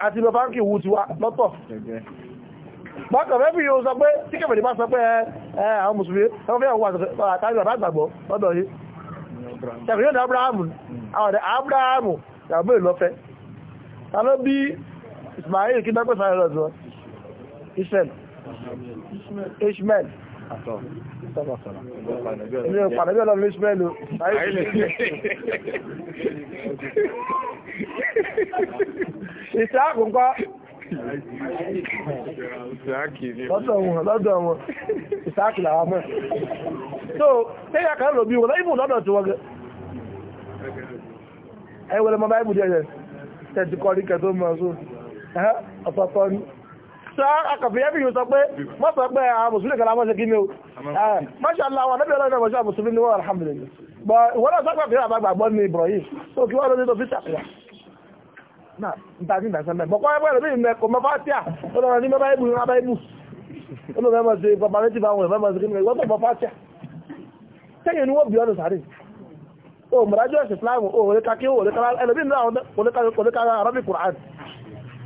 àti lọ fáńkì wù tiwa lọ́tọ̀ bọ́kàn fẹ́ bí yóò sọ pé tí kẹfẹ̀lẹ́ bá sọ pé ẹ àwọn mùsùlùmí wọ́n fẹ́ àwọn àtàrí bàbá àgbàgbọ́ ọ̀dọ̀ yìí ṣẹ̀fẹ̀ yóò ní abrahamu àwọn ọ̀dẹ̀ abrahamu ìyàwó ìlọ́fẹ́ ta ló bí ismail kí dákọ̀ sáré israel ishmael Èmi ò pàdé bí ọlọ́run Ishmael o. Ìṣẹ́ àkùnkọ́ lọ́dọ̀ wọn lọ́dọ̀ wọn ìsáàkì làwọn mọ́ so tẹ́yà kan lò bí wọn ibùn lọ́dọ̀ tí wọ́n gẹ́ ẹwẹ́lẹ́ mọ́ báyìí bùdí ẹ̀yẹ tẹ̀tì kọrí kẹ́ tó mọ́ so ọ̀tọ̀ọ̀tọ̀ ni sọ akọ̀fẹ́ yẹ́ bí yóò sọ pé mọ́ sọ pé àwọn mùsùlùmí kan láwọn ṣe kí ni o mashallah wọn lẹ́bẹ̀ẹ́ lọ́dọ̀ mọ̀ṣá mùsùlùmí ni wọ́n alhamdulillah but ìwọ́n náà sọ́pọ̀ fẹ́ àbágbàgbọ́ ni Ibrahim so kí wọ́n lọ́dọ̀ tó fi sàkìlá náà níta sí ìdásán mẹ́ bọ̀kọ́ ẹgbẹ́ ẹ̀rọ mi kò mọ fátíà ó lọ́rọ̀ ní mẹ́bá ìbù ìrọ̀lá ìbù ó lọ́ mẹ́mọ̀ sí pàpàlẹ́tì bá wọn ìfẹ́mọ̀ sí kí wọ́n tó mọ fátíà sẹ́yìn ni wọ́n bí ọdún sáré o mọ̀dájú ẹ̀sìn Islam o òrè kakí o òrè kakí ẹlòmí náà òrè kakí arábì Kùrán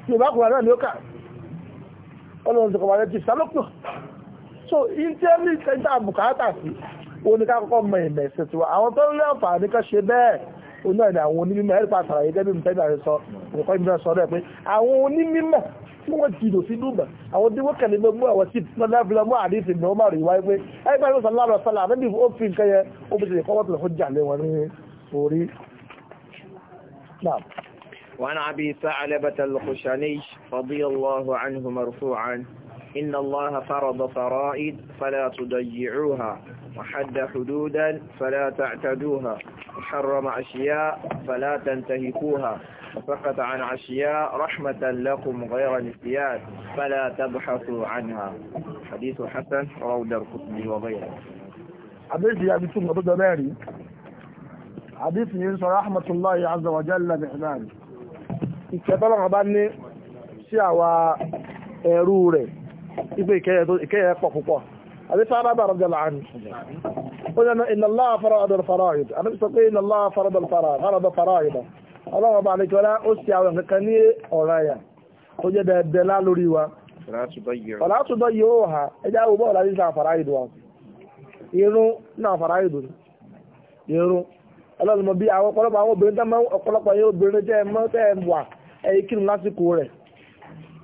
yorùbá Kùrán náà ni ó kà ọlọ́run ti pàpàlẹ́tì sálọ́pù so intẹ́lì tẹ́ntà bùkátà sí oníkàkọ́kọ́ mọ̀ ìmẹ̀sẹ̀ tiwa àwọn tó ń lé àǹfààní kan ṣe bẹ́ẹ̀ oní ọ̀dà àwọn onímọ̀ ẹ̀rí pa àtàràyè gẹ́gẹ́ bí mo tẹ́lẹ̀ àti sọ nǹkan ìmọ̀ sọ rẹ̀ pé àwọn onímọ̀ tí wọ́n ti dò sí dùbẹ̀ àwọn tí wọ́n kẹ̀lé gbogbo àwọn tí lọ́dọ̀ mú àdìsí ní ọmọ rẹ̀ wáyé pé ẹ̀rí pa ìmọ̀sán láàrọ̀ sọ́lá àbẹ́bí ó fi nǹkan yẹn ó fi ṣe kọ́wọ́ tó lọ́kọ́ jà lé wọn ní orí. وعن أبي ثعلبة الخشني رضي الله عنه مرفوعا إن الله فرض فرائد فلا تضيعوها وحد حدودا فلا تعتدوها وحرم أشياء فلا تنتهكوها وسقط عن أشياء رحمة لكم غير نسيان فلا تبحثوا عنها حديث حسن روض القطبي وغيره حديث يا بيتو مبدا باري حديث ينسى رحمة الله عز وجل بإحسانه ìkẹtọ́lọ́ ọba ní sí àwa ẹrú rẹ̀ ipé àbí sára bá rọ̀jọ̀ láàánú ó yẹn iná láà fara ọdọ̀ faraid àbí sọ pé iná láà fara ọdọ̀ faraid ọlọ́wọ́ bá ní kọ́lá ó sì àwọn kankan ní ọ̀rọ̀ yà tó jẹ́ dẹ̀ẹ̀dẹ̀ lá lórí wa ọ̀lá tó dọ̀ yìí ó ha ẹjá wo bọ́ọ̀lá ní sáà faraid wa irun náà faraid ni irun ọlọ́run mọ̀ bí àwọn ọ̀pọ̀lọpọ̀ àwọn obìnrin tán máa ọ̀pọ̀lọpọ̀ yẹn obìnrin tẹ́ ẹ mọ́ tẹ́ ẹ wà ẹ̀yìn kírun lásìkò rẹ̀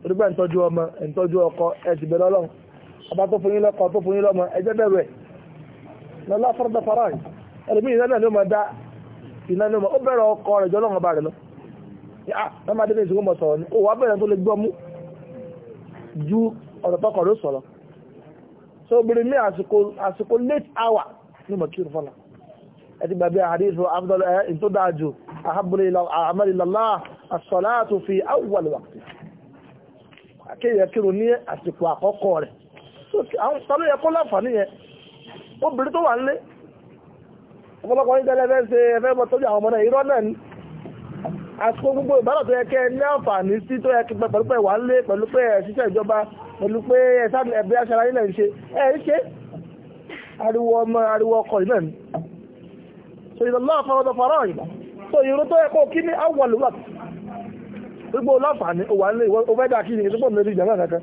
orí pé ẹ̀ ń tọ́jú ọmọ ẹ̀ ń tọ́jú ọkọ ẹ̀ sì bẹ̀rẹ̀ ọlọ́run ọba tó fún yín lọ́kọ tó fún yín lọ́mọ ẹjẹ́ bẹ̀rù ẹ̀ lọ́lá fọ́rọ́dọ̀ faraàn ẹlòmí iná náà ni ó máa dá iná ni ó máa ó bẹ̀rẹ̀ ọkọ rẹ̀ jọ lọ́wọ́ ọba rẹ̀ lọ ah wọ́n máa dé ní ìṣòro mọ̀ sọ̀rọ̀ ni ó wà bẹ̀rẹ̀ tó lè gbọ́ mú ju ọ̀rọ̀ tọkọ ló sọ̀rọ̀ so obìnrin mi àsìkò àsìkò late hour ni tó dáa ju ahabule amalilala ní àsìkò àkọ́kọ́ rẹ̀ tàbí ẹ̀kọ́ láǹfààní yẹn obìnrin tó wà nílé ọ̀pọ̀lọpọ̀ ní tẹ́lẹ̀ fẹ́ ṣe ẹfẹ́ mọ́ tọ́jú àwọn ọmọ náà irọ́ náà ni àsìkò gbogbo ìbára tó yẹ kẹ́ ní àǹfààní sí tó yẹ kí pẹ̀lú pé wà nílé pẹ̀lú pé ẹ̀ṣiṣẹ́ ìjọba pẹ̀lú pé ẹ̀bí aṣara yìí náà ń ṣe ẹ̀ ń ṣe ariwo ọmọ ariwo ọkọ̀ ni so ìdọ̀lọ́ àfọwọ́dọ̀ fọ́rọ̀ yìí so ìró tó yẹ kó kí ní àwọn olùwàt gbogbo láǹfààní òwà nílé ìwọ́n ó fẹ́ dà ni ìdúgbò mẹ́rin ìjàmbá kankan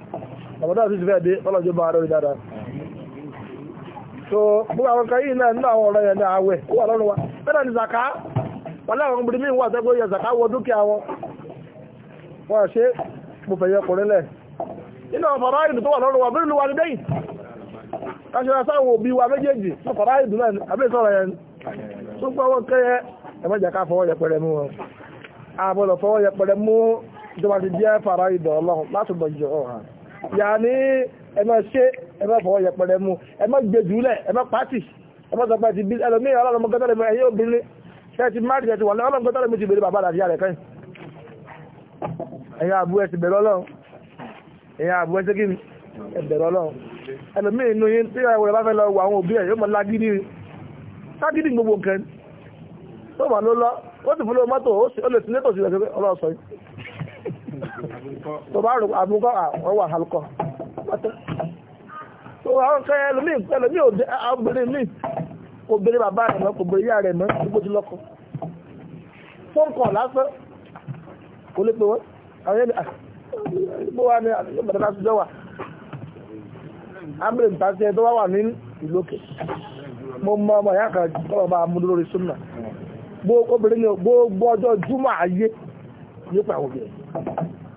ọmọdé àti ìsìnfẹ́ dé fọ́lọ́jọ́ bá rẹ̀ dáadáa so gbogbo àwọn kan yìí náà nínú àwọn ọ̀rọ̀ yẹn ní àwẹ̀ ó wà lọ́rùn wa bẹ́ẹ̀ ni zaka wọn láwọn obìnrin mi wà tẹ́gbẹ́ yẹ zaka wọ dúkìá wọn wọn ṣe mo fẹ̀yẹ ọkùnrin lẹ̀ nínú àwọn tó wà lọ́rùn wa ní sáwọn òbí wa méjèèjì náà yẹn tó gbọ́ wọn yà ní ẹ má ṣe ẹ má fọwọ́ yẹpẹrẹ mú ẹ má gbé jùlẹ̀ ẹ má pàtì ẹ má sọ pé ti bí ẹlòmíì ọlọ́run mọ́gọ́tà lè mọ ẹ̀yìn obìnrin ṣe ti má rìnrìn ti wà ní ọlọ́run mọ́gọ́tà lè mú ti bèrè bàbá àdàdì rẹ̀ kẹ́yìn ẹ̀yà àbú ẹ̀ ti bẹ̀rẹ̀ ọlọ́run ẹ̀yà àbú ẹ̀ ṣégin ẹ̀ bẹ̀rẹ̀ ọlọ́run ẹlòmíì inú ló lọ ó sì fún lọ mọ́tò ó lè sí létòsí rẹ̀ ọlọ́sọ yìí tó bá rò àbúkọ́ àwọn wà halkọ́ tó àwọn kan ẹlòmíì ẹlòmíì obìnrin míì kò bèrè bàbá rẹ̀ mọ́ kò bèrè ìyá rẹ̀ mọ́ gbogbo ti lọ́kọ fóun kọ̀ lásán kò lè pè wọ́n àwọn ẹni àgbò wa ni àgbàdo náà ti jọ wà amúlẹ̀ nípa sí ẹ tó wá wà ní ìlú òkè mo mọ ọmọ ìyá kan tọ́lọ̀ bá mú lórí súnmọ̀ gbogbo obìnrin ni gbogbo ọjọ́ júmọ̀ ayé nípa àwọn obìnrin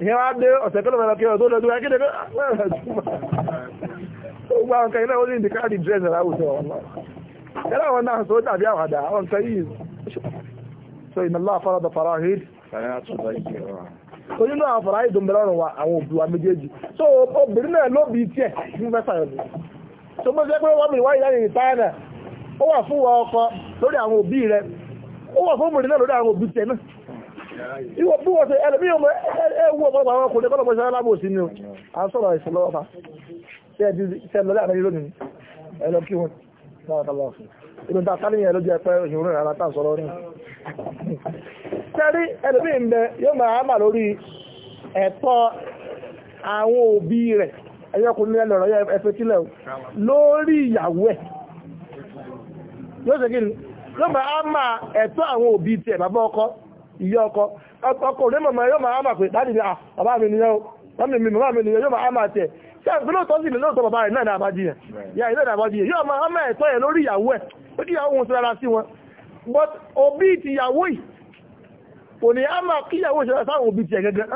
ìyẹn wá dé ọ̀sẹ̀ tó lọ́mọ kí ọ̀tọ́ lọ́dún akéde tó gbà ọ̀kan iná orí ìdíkà di dírẹ́sì láwùjọ ọ̀nà yẹ́lá àwọn náà sọ tàbí àwàdà àwọn nǹkan yìí so iná lọ́wọ́ fara da fara hìd so nínú àwọn fara hìd ń bẹ̀rẹ̀ ọ̀rùn wa àwọn òbí wa méjèèjì so obìnrin náà ló bí tiẹ̀ fún fẹ́ sàyọ̀ bí so jẹ́ pé wọ́n mi wáyé láyé ìtayà ó wà fún wọn ọkọ lórí àwọn òbí rẹ̀ ó wà fún obìnrin náà lórí àwọn òbí tiẹ̀ náà iwọ bí wọ́n ṣe ẹlẹ́mí ọmọ ẹwú ọ̀pọ̀lọpọ̀ àwọn a ń sọ̀rọ̀ lónìí ẹlọ kí wọn ta lójú rẹ̀ sọ̀rọ̀ ní sẹ́rí ẹlẹ́mí ń bẹ yóò máa lórí ẹ̀tọ́ àwọn òbí rẹ̀ ẹyọkùnrin ẹfẹ́ sílẹ̀ lórí ìyàwó ẹ̀ yóò ṣe kí ni yóò máa ẹ̀tọ́ àwọn òbí tiẹ̀ bàbá ọkọ ìyá ọkọ ọkọ òde màmá yóò máa mà pé dáàdì ni à mi nìyẹn o mi màmá mi nìyẹn yóò máa mà tẹ̀ ṣé àgbẹ̀ lóòótọ́ sí mi lóòótọ́ bàbá rẹ̀ náà ní àbájí yẹn yà yẹn yóò máa ẹ̀tọ́ yẹn lórí ìyàwó ẹ̀ ó ìyàwó sí wọn but òbí ti ìyàwó yìí kò ní á máa kí ìyàwó ìṣẹ̀lẹ̀ sáwọn òbí gẹ́gẹ́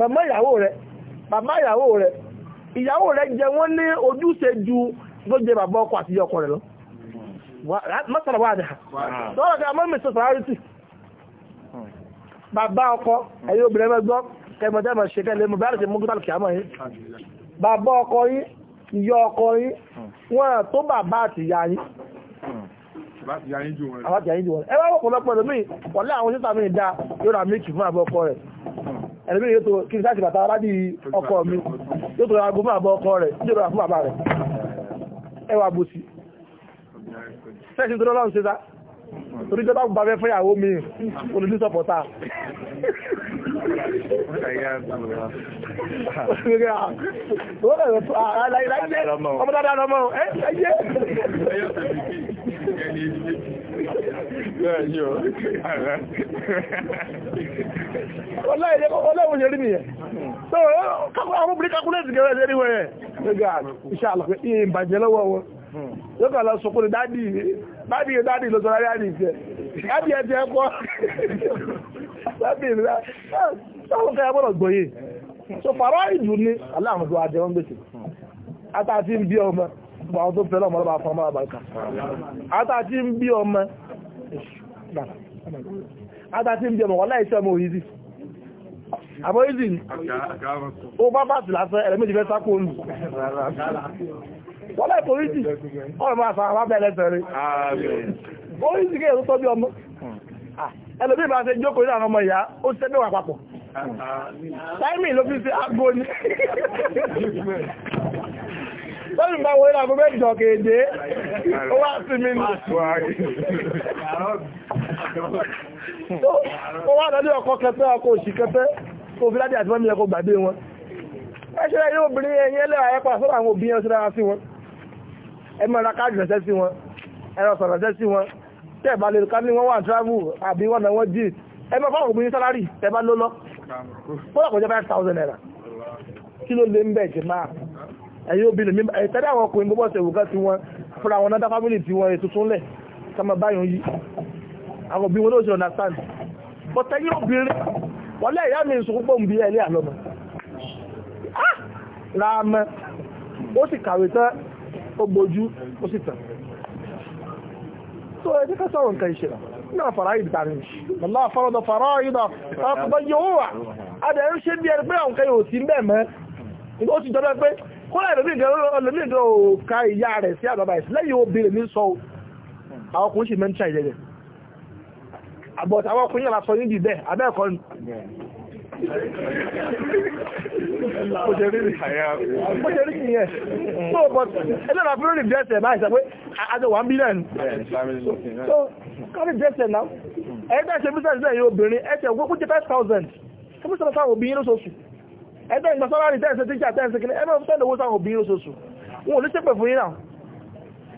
ah, ìyàwó rẹ̀ ìyàwó rẹ̀ ló jẹ bàbá ọkọ àti ọkọ rẹ̀ lọ mọ́sàrà wà dà lọ́rọ̀ tí a mọ́ mẹ́sàn sàárítì bàbá ọkọ ẹ̀yẹ obìnrin mẹ́gbọ́ kẹmọ̀tẹ́ mọ̀ ṣe kẹ́lẹ̀ mọ̀ bẹ́rẹ̀ sí mú gútàlù kìámọ̀ yìí bàbá ọkọ yìí ìyá ọkọ yìí wọ́n tó bàbá àti ìyá yìí àwọn àti ìyá yìí jù wọn ẹwà ọ̀pọ̀lọpọ̀ ẹlòmí wọlé àwọn sísà mi dá yóò rà méjì fún àbọ̀ ọkọ rẹ̀ ẹlòmí yóò tó kí n sáà ti bàtà aládìí ọkọ mi yóò tó rà gbogbo àbọ̀ ọkọ rẹ̀ yóò rà fún bàbá rẹ̀ ẹwà bòsí sẹ́sìn tó lọ́lọ́run ṣe sá torí jọba bá fẹ́ fẹ́yàwó mi olùdí sọpọ̀tà ọmọdára lọ́mọ ẹ̀yẹ́ ọlọ́run ṣe rí nìyẹn tó àwọn obìnrin kakúrẹ́sì gẹ́rẹ́ ṣe rí wọ́n yẹn ṣe gáà ìṣàlọ̀ ìbàjẹ́ lọ́wọ́ wọn yóò kà lọ sọkúrò dádì dádì dádì ló sọ̀rọ̀ dádì jẹ dádì ẹ ti ẹkọ dádì ìlà táwọn kẹyà gbọ́dọ̀ gbòye so fàrọ ìdù ni aláàmù tó wọn gbèsè àtàtì ń bí ọmọ àwọn tó fẹ́lọ́ ọmọlọ́bà fún ọmọ àbáríkà àtàtì ń ń bí ọmọ wọlé iṣẹ́ ọmọ ó bá bá lásán ẹ̀rẹ́mẹ́jì fẹ́ wọ́n láì foríjì ọ̀rọ̀ máa fa àwọn abẹ́lẹ̀ tẹ̀rẹ̀ oríjì kí èrò tọ́jú ọmọ ẹlòmí bá ṣe jókòó ìlànà ọmọ ìyá ó ṣe mẹ́wàá papọ̀ táìmì ló fi ṣe àgbo ni lọ́nà bá wọ́n ìlànà ọmọ ìjọ kéde ó wá sí mi ní ó wá lọ́dí ọkọ̀ kẹfẹ́ ọkọ̀ òṣì kẹfẹ́ kò fi láti àti mọ́mí ẹkọ̀ gbàgbé wọn ẹṣẹ́ ilé obìnrin ẹ̀yìn ẹlẹ́wàá ẹ̀pà sọ́dọ̀ àwọn obìnrin ọ̀ṣẹ́ dára sí wọn ẹ máa ra káàdì rẹ̀ṣẹ́ sí wọn ẹ̀rọ sọ̀rọ̀ rẹ̀ṣẹ́ sí wọn tẹ́ ẹ̀ bá lè ká ní wọ́n wà travel àbí wọ́n náà wọ́n jì ẹ máa fáwọn obìnrin sálárì tẹ́ bá ló lọ fọ́nà kò jẹ́ five thousand naira kí ló lè ń bẹ̀ jẹ́ máa ẹ̀yìn obìnrin mi tẹ́lẹ̀ àwọn ọkùnrin gbogbo ọ̀sẹ̀ òwúgá ti wọn fúnra wọn náà fámìlì ti wọn ètò tún lẹ̀ sọmọ báyọ̀ yìí àwọn obìnrin wọn ló ṣe understand but ẹ̀yìn obìnrin wọlé ìyá mi ń sọkúpọ̀ ń bí ẹ̀lẹ́ àlọ́mọ ráàmọ́ ah! ó sì kàwé tán ó gbojú ó sì tàn so ẹ jẹ́ ká sọ̀rọ̀ nǹkan ìṣẹ̀lẹ̀ náà fara ìdí tàbí ọlá àfọ́rọ̀dọ̀ fara ìdọ̀ ọkùnbọ̀ yóò wà adẹ̀ ń ṣe bí ẹni pé àwọn kẹyìn òsì ń bẹ̀ mọ́ ó ti jọba pé kó lẹ́ẹ̀lómi ìdọ̀ òka ìyá rẹ̀ sí àbàbà ìsì lẹ́yìn obìnrin ní sọ àwọn ọkùnrin sì mẹ́ńtà ìlẹ́yìn àbọ̀tàwọn ọkùnrin yàrá sọ nídìí bẹ́ẹ̀ abẹ́ẹ̀kọ́ mo so but na fún rí dẹ́sẹ̀ báyìí sọ pé àjọ wà ń bí náà so kárí dẹ́sẹ̀ náà ẹgbẹ́ ṣe bísẹ̀ sílẹ̀ yóò obìnrin ẹ̀ṣẹ̀ ogógún jẹ́ five thousand fún bísẹ̀ sáwọn obìnrin lóṣooṣù ẹgbẹ́ ìgbà sọ́lárì tẹ́ẹ̀sẹ̀ tíjà tẹ́ẹ̀sẹ̀ kìnnì ẹgbẹ́ fún tẹ́ẹ̀lẹ̀ owó sáwọn obìnrin lóṣooṣù wọn ò ní ṣépè fún yín náà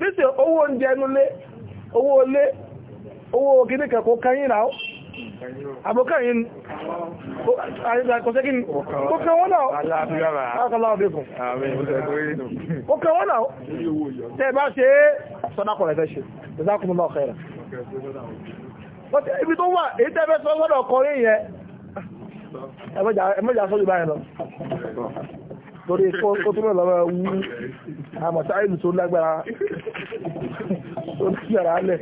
bísẹ̀ owó oúnjẹ nulé owó àbòkẹ́yìn àìsàkọ̀sẹ́kín kókẹ́ wọ́n náà akọláwọ̀bẹ́kùn kókẹ́ wọ́n náà tẹ́ bá ṣe sọ́dákọ̀ rẹ̀ fẹ́ ṣe ìzákùnmọ́ ọ̀kẹ́ rẹ̀ ibi tó wà èyí tẹ́fẹ́ sọ́dọ̀ ọkọ̀rin yẹn ẹmọ́jà sọ́jú báyìí lọ torí kó tó mẹ́lọ mẹ́ wú àmọ̀sáìlù tó lágbára tó lágbára alẹ́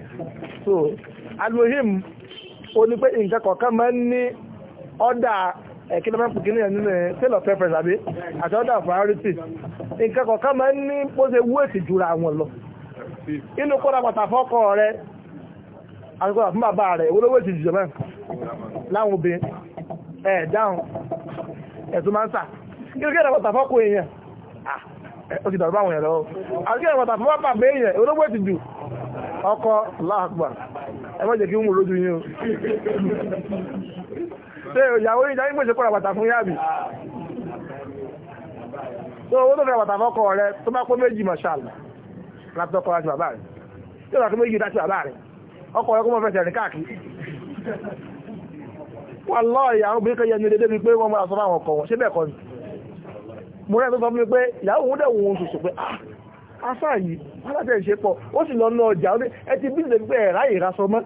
so almohim ó pé nǹkan kọ̀ọ̀kan máa ń ní ọ́dà ẹ̀kílọ́mọ́ pùkínú ẹ̀ nínú eh, of preference àbí àti ọ́dà priority nǹkan kọ̀ọ̀kan máa ń ní bó ṣe wú èsì jura àwọn lọ inú kóra pàtà fọ́kọ rẹ àti kóra fún bàbá rẹ olówó èsì jùlọ mẹ́rin láwọn obìnrin ẹ̀ dáhùn máa ń sà fọ́kọ èèyàn ah, ó ti dàrú báwọn lọ àti fọ́kọ ọkọ láàgbà ẹ má jẹ́ kí ń mú lójú yín o ṣe ìyàwó ìjà yín pèsè pọ̀rọ̀ bàtà fún yáàbì tó owó tó fẹ́ bàtà fọ́kọ rẹ tó bá kó méjì mọ̀ṣàlù láti ọkọ láti bàbá rẹ tí ó bá kó méjì láti bàbá rẹ ọkọ rẹ kó mọ̀ fẹsẹ̀ rìn káàkiri wọ́n lọ ìyàwó obìnrin kan yẹnu dédé wípé wọ́n mọ́ra sọ fáwọn ọkọ wọn ṣé bẹ́ẹ̀ kọ́ ni mo rẹ́ tó sọ fún mi pé ìyàwó òun dẹ̀ wọ́n oṣù sọ pé ah asá yìí alátẹ̀ ìṣe pọ̀ ó sì lọ ná ọjà ẹ ti bí ìdẹ̀gbẹ́ ẹ̀ ráyè raṣọ mọ́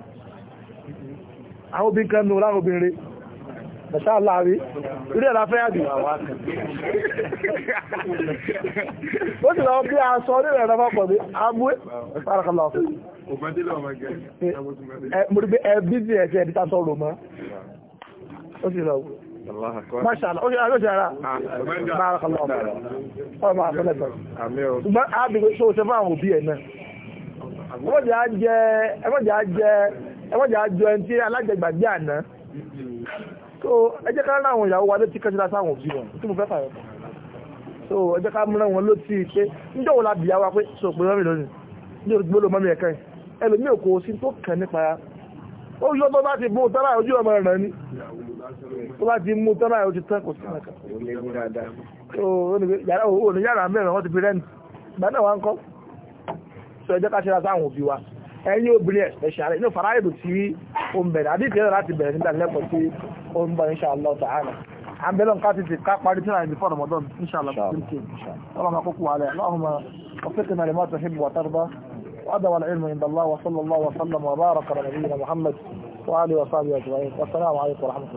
àwọn obìnrin kan nù láwọn obìnrin rẹ̀ ẹ̀ṣá láàrí ilé ẹ̀lá fẹ́ àdì ó sì lọ bí a sọ orílẹ̀ ẹ̀lá fọ́pọ̀ bí agbé pàràkàlá ọ̀fẹ́ ẹ̀bí sí ẹ̀ṣẹ́ ẹ̀dítà sọ́rọ̀ mọ́ ó sì lọ Masha Allah, oṣe àlọ́ṣe ara, máa kọlọ ọmọ rẹ̀, ọmọ àfẹ́lẹ́fẹ́. Ṣùgbọ́n àbìgbé ṣe oṣe fáwọn òbí ẹ̀ náà. Ẹmọ́jà jẹ́ ẹmọ́jà jọ ẹni tí alájẹgbàjẹ́ àná. So, ẹ jẹ́ ká rán àwọn ìyàwó wa ló ti kẹ́ṣẹ́ láti àwọn òbí wọn, tí mo fẹ́ fàyọ. So, ẹ jẹ́ ká rán wọn ló ti pé, níjọ́ wo la bìyà wa pé, so pé mọ́mì lónìí, níjọ́ gbóló mọ́mì ẹ̀kẹ́ ẹlòmí òkò sí tó kàn nípa ó yọ́ tó bá ti bó tára ojú ọmọ rẹ̀ ní tó bá ti mú tọ́lá ẹ̀ o ti tán kò sí ẹ̀ka. òní yàrá mẹ́rin wọ́n ti fi rẹ́ǹtì ìgbà náà wá ń kọ́ sọ ẹjọ́ ká ṣẹlá sáwọn òbí wa ẹ̀yin obìnrin ẹ̀ṣẹ̀ ààrẹ inú fara èdò tí ó ń bẹ̀rẹ̀ àdìsí ẹ̀rọ láti bẹ̀rẹ̀ nígbà lẹ́kọ̀ọ́ tí ó ń bọ̀ insha Allah ta'ala àbẹ̀lọ́n ká ti ká parí tí láì bífọ́ Ramadan insha Allah ta'ala ọlọ́mọ akókò alẹ́ aláhùnmá وفقنا لما تحب وترضى وأدوى العلم عند الله وصلى الله وسلم وبارك على نبينا محمد وآله وصحبه أجمعين والسلام عليكم ورحمة الله